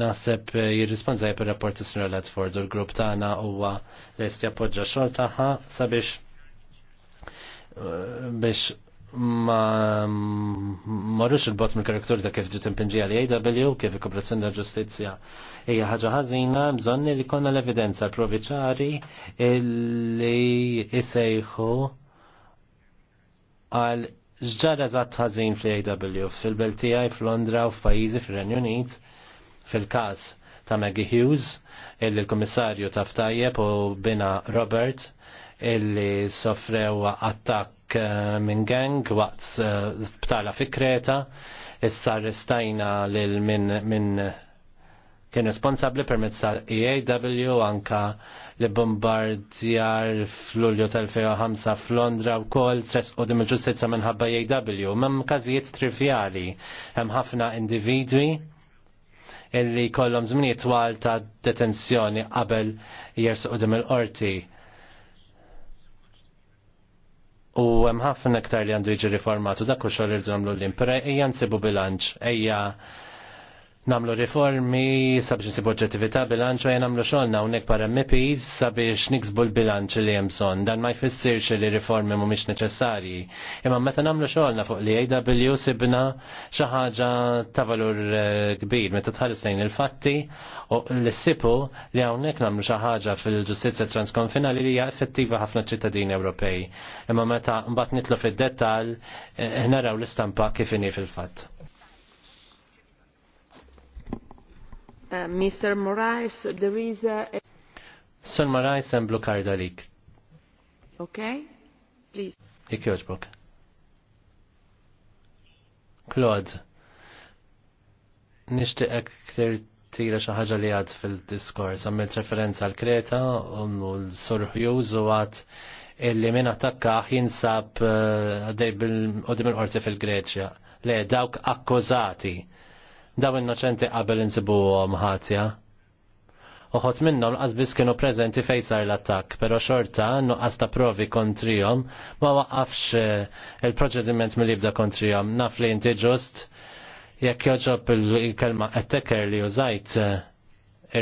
S2: naħseb eh, jirrisponda il rapport ta' Sr. Ledford u l-grupp tagħna huwa lest jappoġġa xogħol tagħha sabiex eh, biex ma marrux il-bot mill karakturi ta' kif ġit impinġija li AW kif il-kooperazzjoni ta' ġustizzja hija ħaġa ħażina bżonn li konna l-evidenza proviċari li jsejħu għal Ġġar eżatt ħażin fl-AW fil-Beltijaj, fl-Londra u f'pajjiżi fil-Renju Unit fil-każ ta' Maggie Hughes, il-Kummissarju ta' Ftajjeb u Bina Robert illi soffrew attakk eh, minn gang waqt eh, btala fi Kreta, issa arrestajna lil minn min kien responsabli permezz tal-EAW anka li bombardjar fl-Ulju tal-2005 f'Londra u kol tres u dim il-ġustizza minħabba EAW. Mem kazijiet trivjali, hemm ħafna individwi illi kollom zminiet twal ta' detenzjoni qabel jersuq dim il-qorti. U hemm ħafna iktar li għandu jiġi riformatu dak u xogħol irdu nagħmlu l-impre ejja nsibu bilanċ, ejja namlu riformi sabiex nsibu oġġettività bilanċ u namlu xolna hawnhekk para MPs sabiex niksbu l-bilanċ li jemson. Dan ma jfissirx li riformi mhumiex neċessarji. Imma meta namlu xolna fuq li AW sibna xaħġa ta' valur eh, kbir. Meta tħares lejn il-fatti u l-sipu li għawnek namlu xaħġa fil-ġustizja transkonfina li hija effettiva ħafna ċittadini Ewropej. Imma meta mbagħad nitlu fid-dettal eh, naraw l-istampa kif fil-fatt.
S4: Uh, Mr. Moraes, there is a...
S2: Sir Moraes, hemm blokkarda lik.
S4: Okay, please.
S2: Ik joġbok. Claude, nishtiqek ktir tira xaħġa li għad fil-diskors, għamilt referenza għal Kreta u l-Sur Hughes u illi minn attakka jinsab uh, għaddej bil-qorti fil-Greċja. Le, dawk akkużati Daw innoċenti qabel insibuhom ħatja. Uħot minnom għazbis kienu prezenti fejsar l-attak, pero xorta nuqqas ta' provi kontrijom ma waqqafx eh, il-proċediment mill-ibda kontrijom. Naf li inti ġust jekk joġob il-kelma etteker li użajt eh,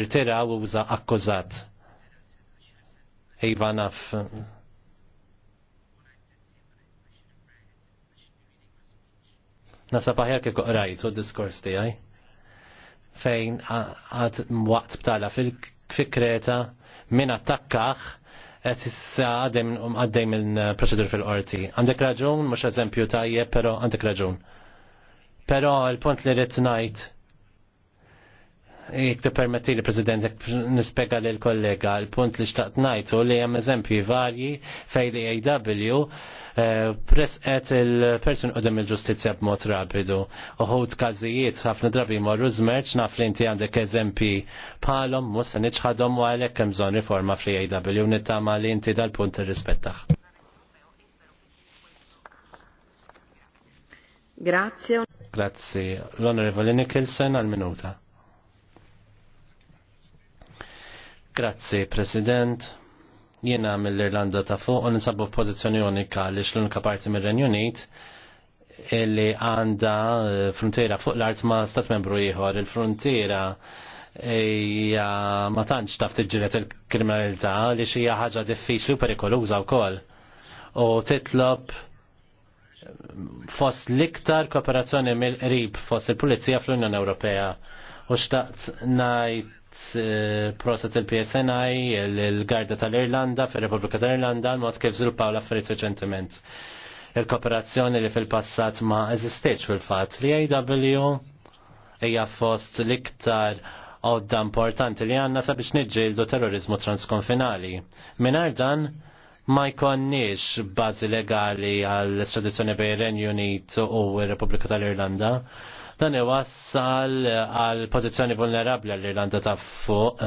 S2: irtira u uża akkużat. Iva naf. Nasa paħjar kiko rajt u diskors tijaj fejn għad waqt btala fil-kreta um, minn attakkaħ għet issa uh, għaddej minn proċedur fil-qorti. Għandek raġun, mux eżempju tajje, pero għandek raġun. Pero il-punt li rrit najt Jek te permetti li President nispega li l-kollega l-punt li xtaqt najtu li jem eżempji varji fej li AW et eh, il-person qodem il-ġustizja b'mod rapidu. Uħut kazijiet ħafna drabi morru zmerċ naf li inti għandek eżempji palom musa nċħadom u għalek hemm bżonn riforma fl AW nittama li inti dal-punt irrispettaħ. Grazie. Grazie. L'onorevole Nicholson al minuta. Grazzi, President. Jiena mill-Irlanda ta' fuq u ninsabu f'pożizzjoni unika li l-unika parti mir-Renju Unit illi għanda eh, frontiera fuq l-art ma' stat membru ieħor. Il-frontiera hija ma tantx taf tiġġieled il-kriminalità li xi ħaġa diffiċli u perikoluża wkoll. U titlob fost l-iktar kooperazzjoni mill-qrib fost il-Pulizija fl-Unjoni Ewropea u xtaqt najt Eh, proset il-PSNI, il-Garda tal-Irlanda, fil-Repubblika tal-Irlanda, mod kif żviluppaw l-affarijiet reċentement. Il-kooperazzjoni li fil-passat ma eżistieċ fil-fatt li AW e hija fost l-iktar għodda importanti li għanna sabiex nidġildu terrorizmu transkonfinali. Minar dan, ma jkonniex bazi legali għall-estradizzjoni bejn Renju Unit u r-Repubblika tal-Irlanda, Dan iwassal għal pożizzjoni vulnerabbli l-Irlanda ta' fuq.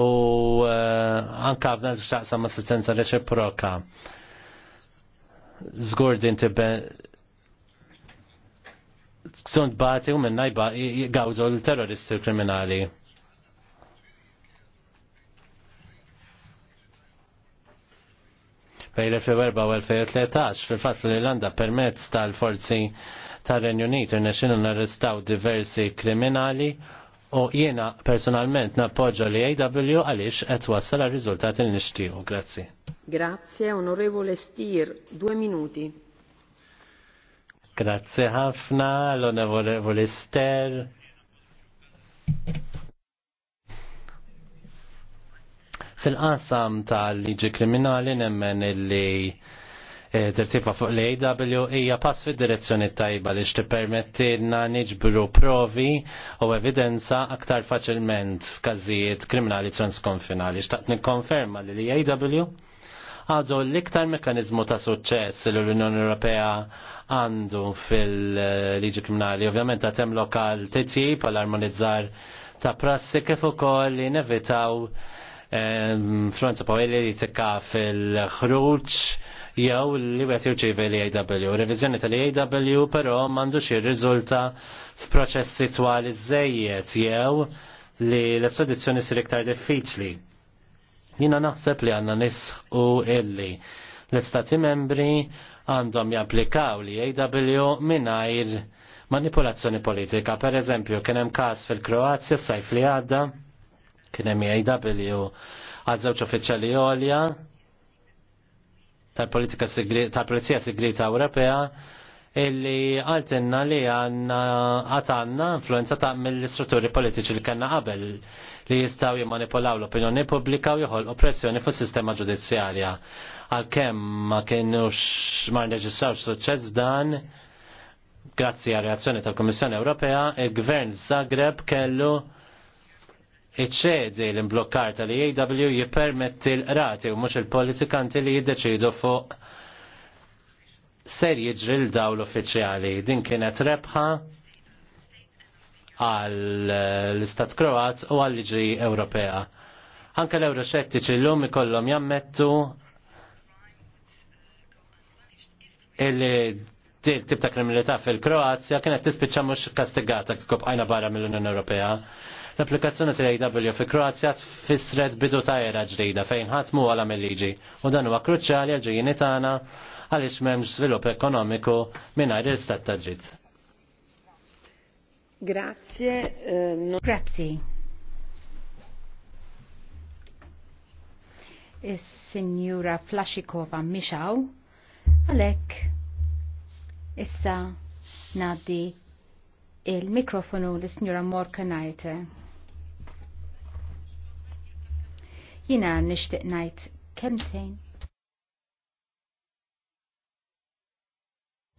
S2: U eh, anka għavna l-xaqsam assistenza reċiproka. Zgur din tibben sunt bati u minna jgawdu l-terroristi kriminali. bejn 2004 u 2013 fil-fatt l-Irlanda permezz tal-forzi tar-Renju Unit irnexxinu narrestaw diversi kriminali u jiena personalment nappoġġa li AW għaliex qed wassal għar-riżultati li nixtiequ. Grazzi.
S4: Grazie, onorevole Stier, due minuti.
S2: Grazie ħafna, l-onorevole Ster. Fil-qasam tal-liġi kriminali nemmen illi eh, tirtifa fuq l-AW hija pass fid direzzjoni tajba li tippermettilna niġbru provi u evidenza aktar faċilment f'każijiet kriminali transkonfinali. Xtaqt nikkonferma li l-AW għadu l-iktar mekanizmu ta' suċċess li l-Unjoni Ewropea għandu fil-liġi kriminali. Ovvjament ta' tem lokal titjib għal-armonizzar ta' prassi kif ukoll li nevitaw Franza Pawelli li tikka fil-ħruġ jew li għet jirċivi l-AW. Revizjoni tal-AW però mandux jirriżulta f'proċess sitwali żejjed jew li l-estradizjoni sir iktar diffiċli. Jina naħseb li għanna nisħu illi l-Istati membri għandhom japplikaw li AW minnajr manipolazzjoni politika. Per eżempju, kienem kas fil-Kroazja sajf li għadda kien hemm AW e għal żewġ uffiċjali għolja tal-politika tal-Polizija Segreta Ewropea illi għaltinna li għanna għatanna influenza ta' mill-istrutturi politiċi li kanna qabel li jistaw jimmanipolaw l-opinjoni pubblika u jħol oppressjoni fis sistema ġudizzjarja. Għal-kem ma kienux ma nreġistraw suċċess dan, grazzi għal reazzjoni tal-Komissjoni Ewropea, il-Gvern Zagreb kellu iċċedi l-imblokkar tal AW jippermetti l-rati u mux il-politikanti li jiddeċidu fuq ser jiġri l-daw l-uffiċjali. Din kienet rebħa għall istat Kroat u għall liġi Ewropea. Anke l euroċettiċi l-lum ikollhom jammettu illi tip ta' kriminalità fil-Kroazja kienet tispiċa mhux kastigata kikob bqajna barra mill-Unjoni Ewropea. L-applikazzjoni tal-AW fi Kroazja tfissret bidu ta' era ġdida fejn ħatmu għala mill-liġi u dan huwa kruċjali għal ġejjini tagħna għaliex m'hemmx żvilupp ekonomiku mingħajr il-istat ta' dritt.
S3: Grazie.
S4: Eh, Grazie. Is-Sinjura Flashikova Mixaw għalek issa naddi il-mikrofonu l-Sinjura Najte. Jina nishtiq najt kemtejn.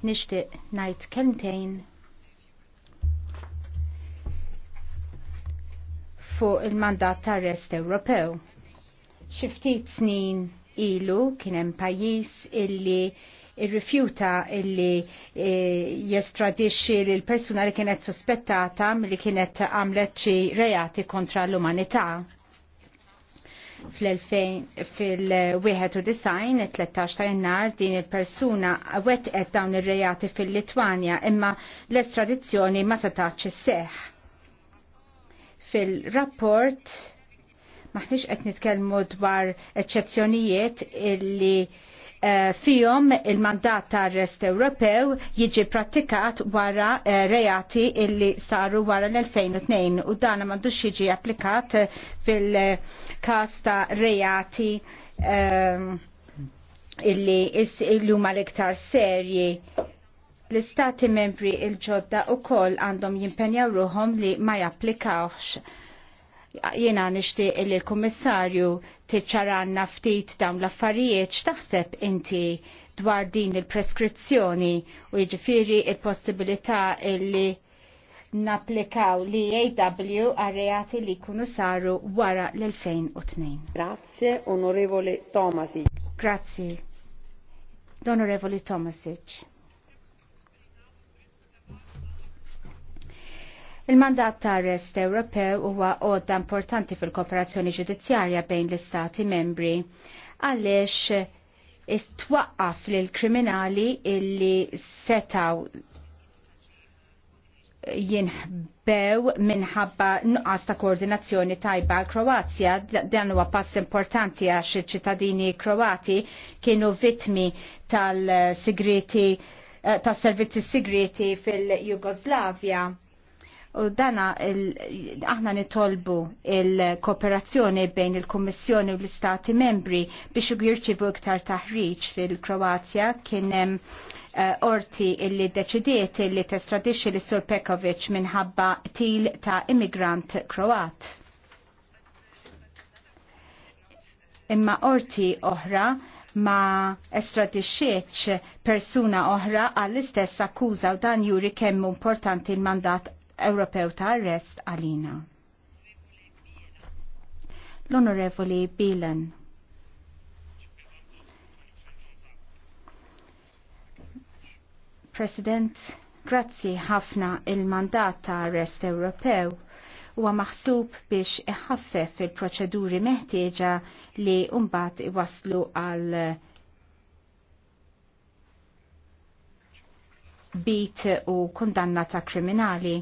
S4: Nishtiq najt kemtejn fuq il-mandat tar rest Ewropew. Xiftit snin ilu kienem pajis illi irrifjuta illi e, jestradixxi l persuna li kienet sospettata li kienet għamlet xi reati kontra l-umanità fil-91 13 ta' jannar din il-persuna għet dawn ir-rejati fil-Litwanja imma l-estradizzjoni ma setax seħ. Fil-rapport maħniex qed nitkellmu dwar eċċezzjonijiet illi Eh, fihom il-mandat tar-rest Ewropew jiġi pratikat wara eh, reati illi saru wara l-2002 u dan m'għandux jiġi applikat fil-każ ta' reati ehm, illi illuma l-iktar serji l-istati membri il-ġodda u koll għandhom jimpenjaw ruħom li ma japplikawx Jiena nixtieq li l-Kummissarju tiċċaranna ftit dawn l-affarijiet x'taħseb inti dwar din il-preskrizzjoni u jiġifieri il-possibilità li napplikaw li AW għarreati li kunu saru wara l-2002. Grazie, onorevole Tomasic. Grazie, onorevole Tomasic. Il-mandat ta' arrest Ewropew huwa għodda importanti fil-kooperazzjoni ġudizzjarja bejn l-istati membri għaliex istwaqqaf lil kriminali illi setaw jinħbew minħabba nuqqas ta' koordinazzjoni tajba l-Kroazja. Dan huwa pass importanti għax iċ-ċittadini Kroati kienu vittmi tal-segreti eh, tas-servizzi segreti fil-Jugoslavja U dana aħna nitolbu il-kooperazzjoni bejn il-Kommissjoni u l-Istati membri biex jirċivu iktar taħriġ fil-Kroazja kien hemm uh, orti illi deċidiet illi testradixxi li Sur Pekovic minħabba til ta' immigrant Kroat. Imma orti oħra ma estradixxieċ persuna oħra għall-istess akkuża u dan juri kemm importanti l-mandat Ewropew ta' arrest għalina. L-Onorevoli Bilen. President, grazzi ħafna il-mandat ta' arrest Ewropew huwa maħsub biex iħaffef il-proċeduri meħtieġa li umbat iwaslu għal bit u kundanna ta' kriminali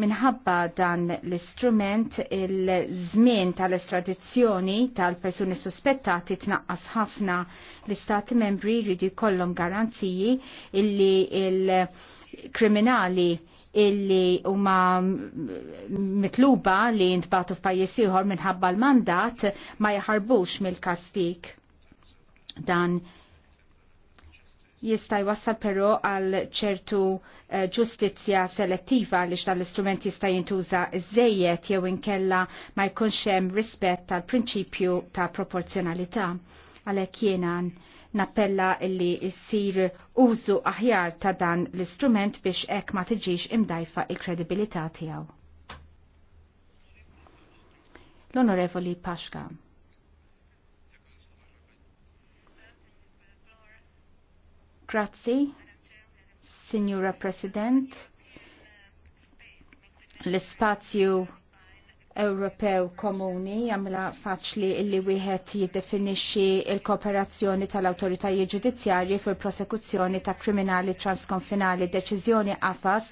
S4: minħabba dan l-istrument il-żmien tal-estradizzjoni tal-persuni suspettati tnaqqas ħafna l-istati membri jridu jkollhom garanziji illi il-kriminali illi huma mitluba li jintbatu f'pajjiż ieħor minħabba l-mandat ma jaħarbux mill-kastik dan jista' jwassal però għal ċertu eh, ġustizzja selettiva li tal-istrument jista' jintuża żejjed jew inkella ma jkunx hemm rispett tal-prinċipju ta' proporzjonalità. Għalhekk jiena nappella illi jsir użu aħjar ta' dan l-istrument biex hekk ma tiġix imdajfa il-kredibilità tiegħu. L-Onorevoli Paxka. Grazzi, Signora President, l-spazju Ewropew komuni għamla faċli illi wieħed jiddefinixxi il-kooperazzjoni tal-awtoritajiet ġudizzjarji il prosekuzzjoni ta' kriminali transkonfinali deċiżjoni qafas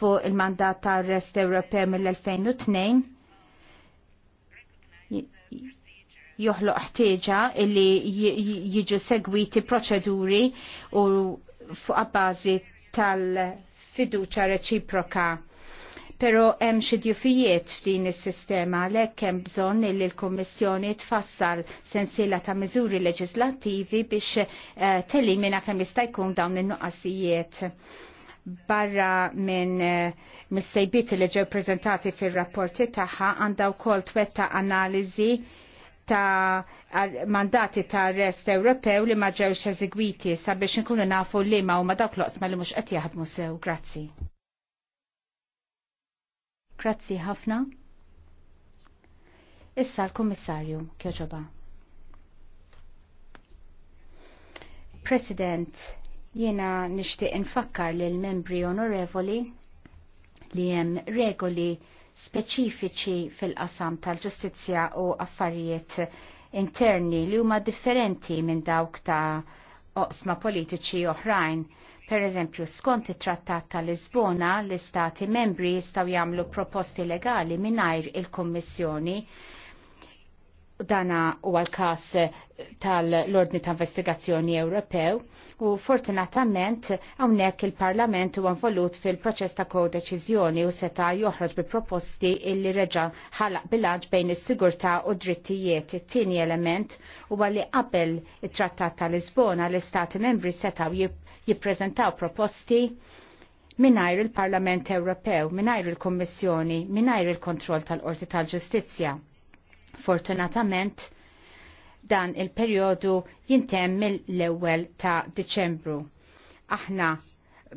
S4: fuq il-mandat ta' arrest Ewropew mill-2002 joħloq ħtieġa illi jiġu segwiti proċeduri u fuq bażi tal-fiduċa reċiproka. Pero hemm xi djufijiet f'din is-sistema għalhekk hemm bżonn illi l-Kummissjoni tfassal sensiela ta' miżuri leġislattivi biex uh, telimina kemm jista' jkun dawn in-nuqqasijiet barra minn eh, mis-sejbiet li ġew preżentati fir-rapporti tagħha għandha wkoll twetta analiżi ta' mandati ta' arrest Ewropew li ma ġewx eżegwiti sabiex nkunu nafu li ma' huma dawk loqsma li mhux qed jaħdmu sew. Grazzi. Grazzi ħafna. Issa l-Kummissarju Kjoġoba. President, jiena nixtieq infakkar l membri onorevoli li hemm regoli speċifiċi fil-qasam tal-ġustizja u affarijiet interni li huma differenti minn dawk ta' oqsma politiċi oħrajn. Per eżempju, skont it-trattat ta' Lisbona, l-istati membri jistaw jagħmlu proposti legali mingħajr il kummissjoni dana u għal-kas tal-ordni ta' investigazzjoni Ewropew u fortunatament għawnek il-Parlament u għanvolut fil-proċess ta' kodeċizjoni u seta' joħroġ bi proposti illi reġa ħalaq bilanċ bejn is-sigurta u drittijiet. It-tieni element u għalli qabel it-trattat tal-Lisbona l-Istati membri seta' jippreżentaw proposti minajr il-Parlament Ewropew, minajr il-Kommissjoni, minajr il-kontroll tal-Qorti tal-Ġustizzja Fortunatament, dan il-perjodu jintem mill-ewwel ta' Diċembru. Aħna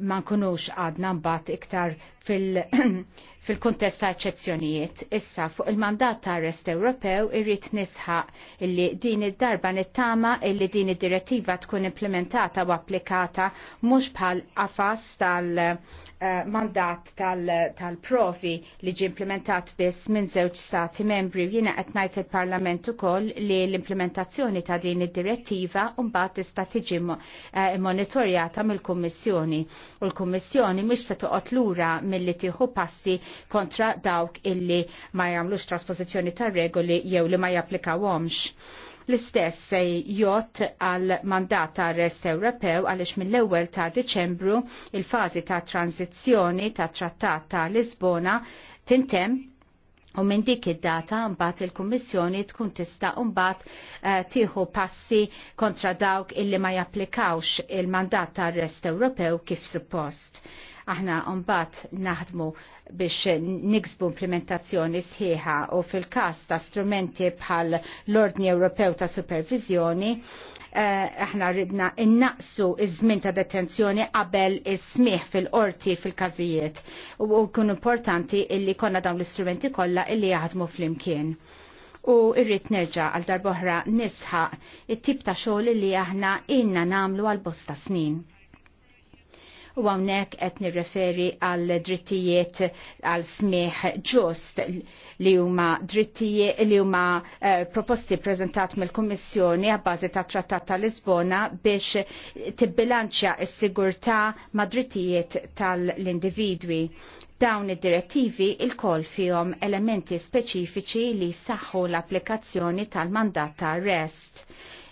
S4: ma nkunux għadna mbagħad iktar fil fil-kuntest ta' eċezzjonijiet. Issa fuq il-mandat ta' arrest Ewropew irrid nisħaq illi din id-darba nittama illi din id-direttiva tkun implementata u applikata mhux bħal qafas tal-mandat eh, tal-provi li ġi implementat biss minn żewġ stati membri jiena qed ngħid il-Parlament ukoll li l-implementazzjoni ta' din id-direttiva mbagħad tista' tiġi eh, monitorjata mill-Kummissjoni u l-Kummissjoni mhux se toqgħod lura mill-li tieħu passi kontra dawk illi ma jagħmlux trasposizjoni tar-regoli jew li ma japplikawhomx. L-istess se jott għal mandat ta' rest Ewropew għaliex mill ewel ta' Deċembru il-fażi ta' tranzizjoni ta' trattat ta' Lisbona tintem U minn dik id-data mbagħad il-Kummissjoni tkun tista' mbagħad eh, tieħu passi kontra dawk illi ma japplikawx il-mandat tar-Rest Ewropew kif suppost. Aħna mbagħad naħdmu biex niksbu implementazzjoni sħiħa u fil-każ ta' strumenti bħal l-Ordni Ewropew ta' Supervizjoni eh, aħna ridna innaqsu iż-żmien ta' detenzjoni qabel is-smih fil-qorti fil-każijiet u kun importanti illi konna dawn l-istrumenti kollha illi jaħdmu flimkien. U irrit nerġa' għal darboħra nisħaq it-tip ta' xogħol li aħna inna namlu għal bosta snin u għawnek qed nirreferi għal drittijiet għal smieħ ġust li huma drittijiet li huma eh, proposti prezentat mill-Kummissjoni għabbażi ta' Trattat ta' Lisbona biex tibbilanċja s-sigurtà ma' drittijiet tal-individwi. Dawn id-direttivi il koll fihom elementi speċifiċi li saħħu l-applikazzjoni tal-mandat ta' arrest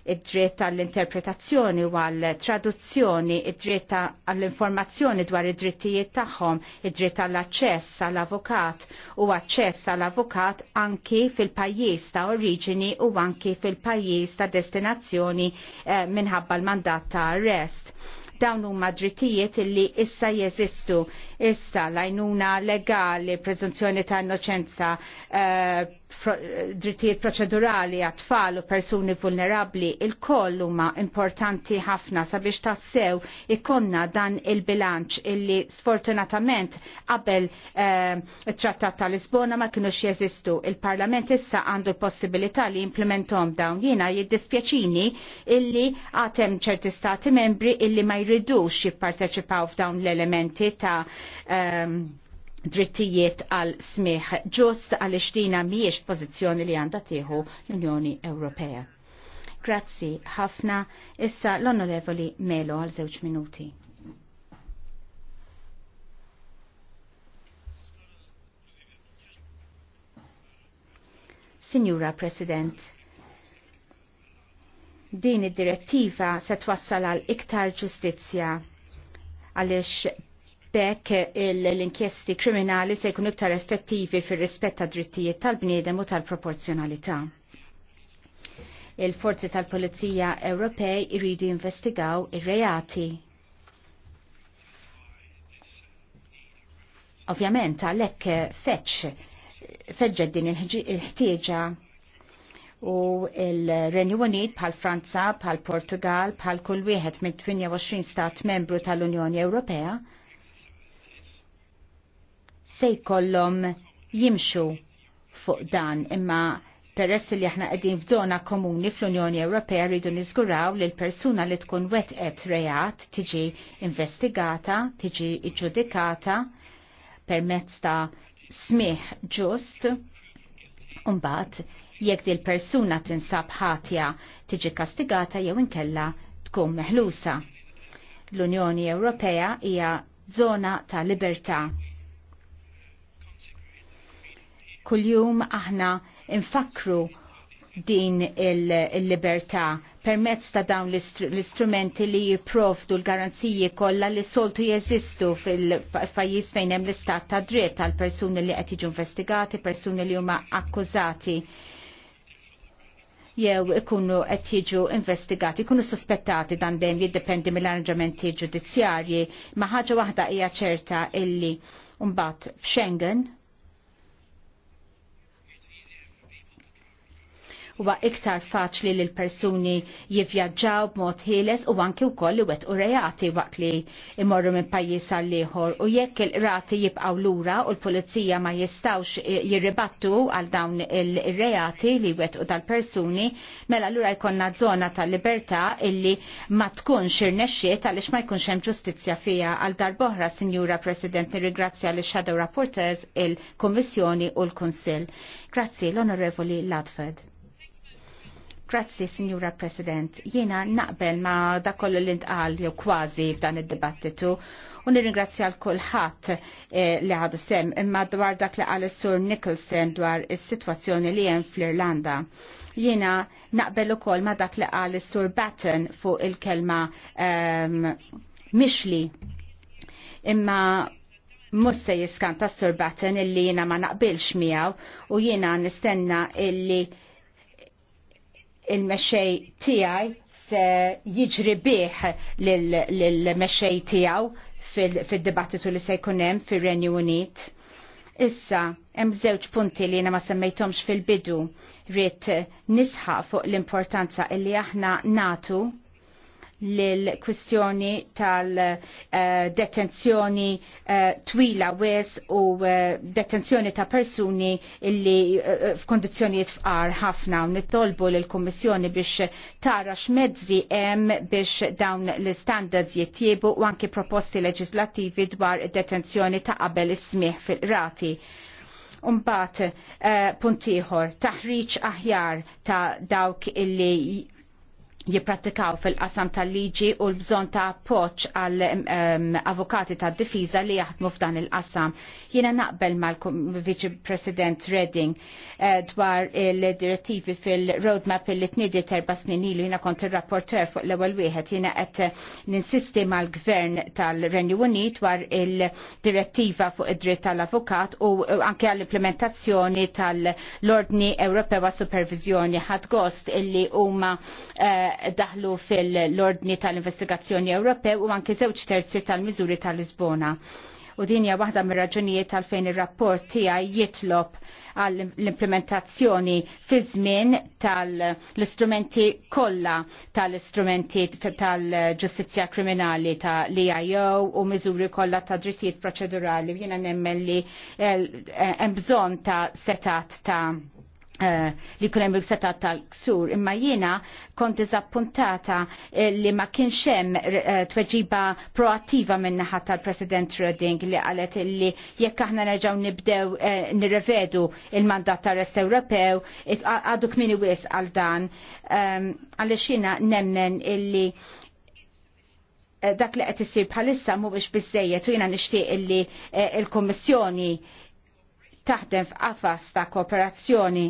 S4: id-dritt għall-interpretazzjoni u għall-traduzzjoni, id-dritt għall-informazzjoni dwar id-drittijiet tagħhom, id-dritt għall-aċċess għall-avukat u aċċess għall-avukat anki fil-pajjiż ta' oriġini u anki fil-pajjiż ta' destinazzjoni eh, minħabba l-mandat ta' arrest dawn huma drittijiet illi issa jeżistu. Issa lajnuna legali, preżunzjoni ta' innoċenza, eh, drittijiet proċedurali għat-tfal u persuni vulnerabli il-koll huma importanti ħafna sabiex tassew ikonna dan il-bilanċ illi sfortunatament qabel eh, it-trattat ta' Lisbona ma kienux jeżistu. Il-Parlament issa għandu l-possibilità li implementom dawn. Jiena jiddispjaċini illi għatem ċerti stati membri illi ma jridux jipparteċipaw f'dawn l-elementi ta' um, drittijiet għal smieħ ġust għal ixtina miex pozizjoni li għanda tieħu l-Unjoni Ewropea. Grazzi ħafna, issa l-onorevoli Melo għal żewġ minuti. Signora President, din id-direttiva se twassal għal iktar ġustizzja għaliex Bekk l-inkjesti kriminali se jkunu iktar effettivi fir rispett ta' drittijiet tal-bniedem u tal-proporzjonalità. Il-forzi tal-Polizija Ewropej iridu investigaw ir-reati. Ovvjament għalhekk feċ feġġa din il-ħtieġa u il-Renju Unit bħal Franza, bħal Portugal, bħal kull wieħed minn 28 stat membru tal-Unjoni Ewropea se jkollhom jimxu fuq dan imma peress li aħna qegħdin f'żona komuni fl-Unjoni Ewropea rridu niżguraw li l-persuna li tkun wetqet reat tiġi investigata, tiġi iġġudikata permezz ta' smih ġust, mbagħad jekk il persuna tinsab ħatja tiġi kastigata jew inkella tkun meħlusa. L-Unjoni Ewropea hija żona ta' libertà kuljum aħna infakru din il-libertà permezz ta' dawn l-istrumenti li jiprofdu l-garanziji kollha li soltu jeżistu fil-pajjiż fejn hemm l-istat ta' dritt għal persuni li qed jiġu investigati, persuni li huma akkużati jew ikunu qed jiġu investigati, ikunu suspettati dan dejjem jiddependi mill-arranġamenti ġudizzjarji, ma ħaġa waħda hija ċerta illi mbagħad f'Schengen huwa iktar faċli li l-persuni jivvjaġġaw b'mod ħieles u anke wkoll li u reati waqt li imorru minn pajjiż għal ieħor u jekk il-rati jibqgħu lura u l-pulizija ma jistawx jirribattu għal dawn il-reati li wettqu tal-persuni, mela lura jkollna żona tal-libertà illi ma tkunx irnexxiet għaliex ma jkunx hemm ġustizzja fija għal darboħra, Sinjura President, nirrigrazzja li Shadow Rapporters, il-Kommissjoni u l-Kunsill. Grazzi l-Onorevoli Ladfed. Grazzi, Signora President. Jiena naqbel ma da kollu l-intqal jew kważi f'dan id-dibattitu u nirringrazzja l kulħadd eh, li għadu sem imma dwar dak li għal sur Nicholson dwar is-sitwazzjoni li hemm fl-Irlanda. Jiena naqbel ukoll ma dak li għal sur Batten fuq il-kelma ehm, mixli. Imma musse se jiskanta sur Batten illi jiena ma naqbilx miegħu u jiena nistenna illi il-mexxej tiegħi se jiġri bih lill-mexxej tiegħu fil-dibattitu li se jkun hemm fir-Renju Unit. Issa, hemm żewġ punti li jiena ma semmejthomx fil-bidu rrid nisħa fuq l-importanza illi aħna natu l-kwistjoni tal-detenzjoni eh, twila wes u eh, detenzjoni ta' persuni illi eh, f'kondizjoni fqar ħafna u nittolbu l-Kommissjoni biex tara x'mezzi hemm biex dawn l-standards jittiebu u anki proposti leġislativi dwar detenzjoni ta' qabel is fil-rati. Umbat, uh, puntiħor, taħriċ aħjar ta' dawk illi jipprattikaw fil-qasam tal-liġi u l-bżon ta' poċ għal avukati ta' difiża li jaħdmu f'dan il-qasam. Jiena naqbel mal-Vice President Redding eh, dwar il-direttivi fil-roadmap il t-nidi terba snin ilu jiena kont il-rapporter fuq l-ewwel wieħed jiena qed ninsisti mal-Gvern tal-Renju Unit dwar il-direttiva fuq id-dritt tal-avukat u anke għall-implementazzjoni tal-Ordni Ewropewa Supervizjoni ħadd gost illi huma eh, daħlu fil-ordni tal-investigazzjoni Ewropew u anke żewġ terzi tal-miżuri tal-Lisbona. U din hija waħda mir-raġunijiet għalfejn ir-rapport tiegħi jitlob għall l-implementazzjoni fi żmien tal-istrumenti kollha tal-istrumenti tal-ġustizzja kriminali ta' l e io u miżuri kollha ta' drittijiet proċedurali. Jiena nemmen li eh, hemm bżonn ta' setat ta' Eh, li kunem il-seta tal-ksur, imma jiena kont dizappuntata eh, li ma kienxem uh, eh, tweġiba proattiva minnaħa tal-President Redding li għalet li jekk aħna nerġaw nibdew nirrevedu il-mandat tal-Rest Ewropew, għadu kmini wis għal dan, ehm, għalli xina nemmen illi dak li qed jisir bħalissa mhuwiex biżejjed u jiena nixtieq illi il-Kummissjoni taħdem f'qafas ta' kooperazzjoni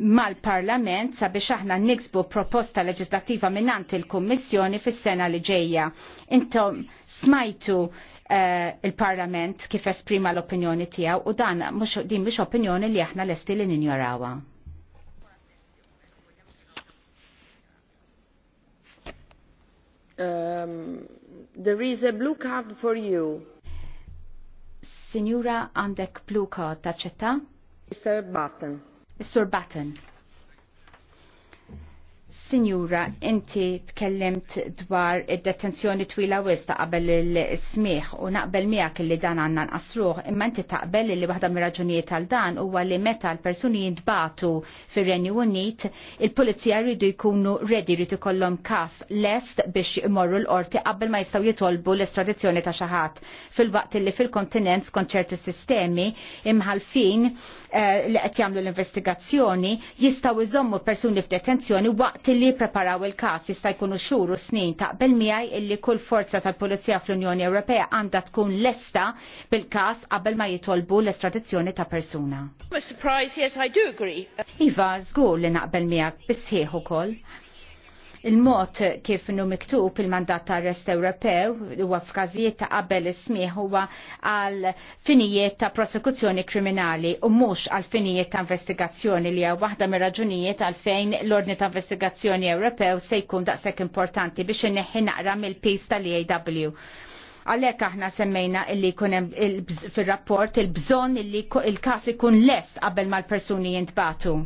S4: mal-Parlament sabiex aħna niksbu proposta leġislattiva minnant il-Kummissjoni fis-sena li ġejja. Intom smajtu uh, il-Parlament kif esprima l-opinjoni tiegħu u dan mux, din mhux opinjoni li aħna lesti li ninjorawha. Um, there is a blue card for you. Signora, għandek blue card taċċetta? Mr. Button. Sir Batten. Sinjura, inti tkellimt dwar id-detenzjoni twila wista qabel il-smieħ u naqbel miegħek li dan għandna nqasruh, imma inti taqbel li waħda mir-raġunijiet għal dan huwa li meta l-persuni jintbatu fir-Renju Unit, il-pulizija rridu jkunu ready rridu kollhom kas lest biex imorru l-qorti qabel ma jistgħu jitolbu l-estradizzjoni ta' xi ħadd fil-waqt li fil-kontinent skont ċertu sistemi imħalfin eh, li qed jagħmlu l-investigazzjoni jistgħu iżommu persuni f'detenzjoni waqt waqt li preparaw il-kas jista' jkunu xhur u snin taqbel miegħi illi kull forza tal-Pulizija fl-Unjoni Ewropea għandha tkun lesta bil-kas qabel ma jitolbu l-estradizzjoni ta' persuna. Iva, żgur li naqbel miegħek bisħieħ ukoll Il-mod kif nu miktub il-mandat ta' rest Ewropew huwa f'każijiet ta' qabel ismieħ huwa għal finijiet ta' prosekuzzjoni kriminali u mhux għal finijiet ta' investigazzjoni li hija waħda mir-raġunijiet għalfejn l-ordni ta' investigazzjoni Ewropew se jkun daqshekk importanti biex inneħħi naqra mill-pis tal-EAW għalek aħna semmejna illi kunem il fil-rapport il-bżon illi il-kas ikun lest qabel mal-persuni jintbatu.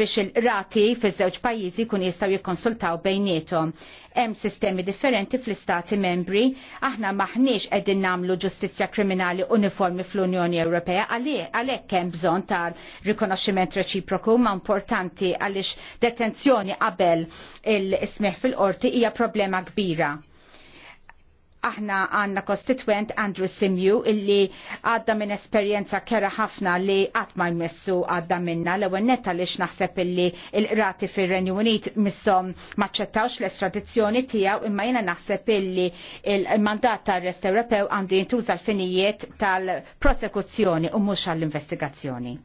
S4: biex il-rati fiż-żewġ pajjiżi kun jistgħu jikkonsultaw bejnietom. Hemm sistemi differenti fl-istati membri, aħna maħniex qegħdin nagħmlu ġustizzja kriminali uniformi fl-Unjoni Ewropea għalhekk hemm bżonn ta' rikonoxximent reċiproku ma' importanti għaliex detenzjoni qabel il-ismeħ fil-qorti hija problema kbira aħna għanna konstituent Andrew Simju illi għadda minn esperienza kera ħafna li għat ma jmessu għadda minna l netta li naħseb illi il-rati fir renju Unit missom maċċettawx l-estradizzjoni tijaw imma jena naħseb illi il-mandat tal-rest Ewropew għandu jintuża l-finijiet tal-prosekuzzjoni u mux għall-investigazzjoni.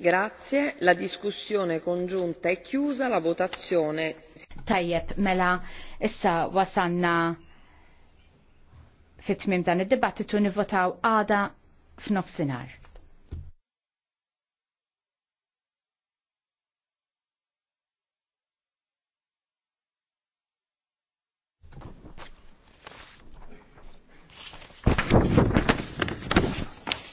S4: Grazie, la diskussjoni konġunta è chiusa, la votazione. Tajjeb, mela, issa wasanna fit-tmim dan id-dibattitu nivvotaw għada f'nofsinhar.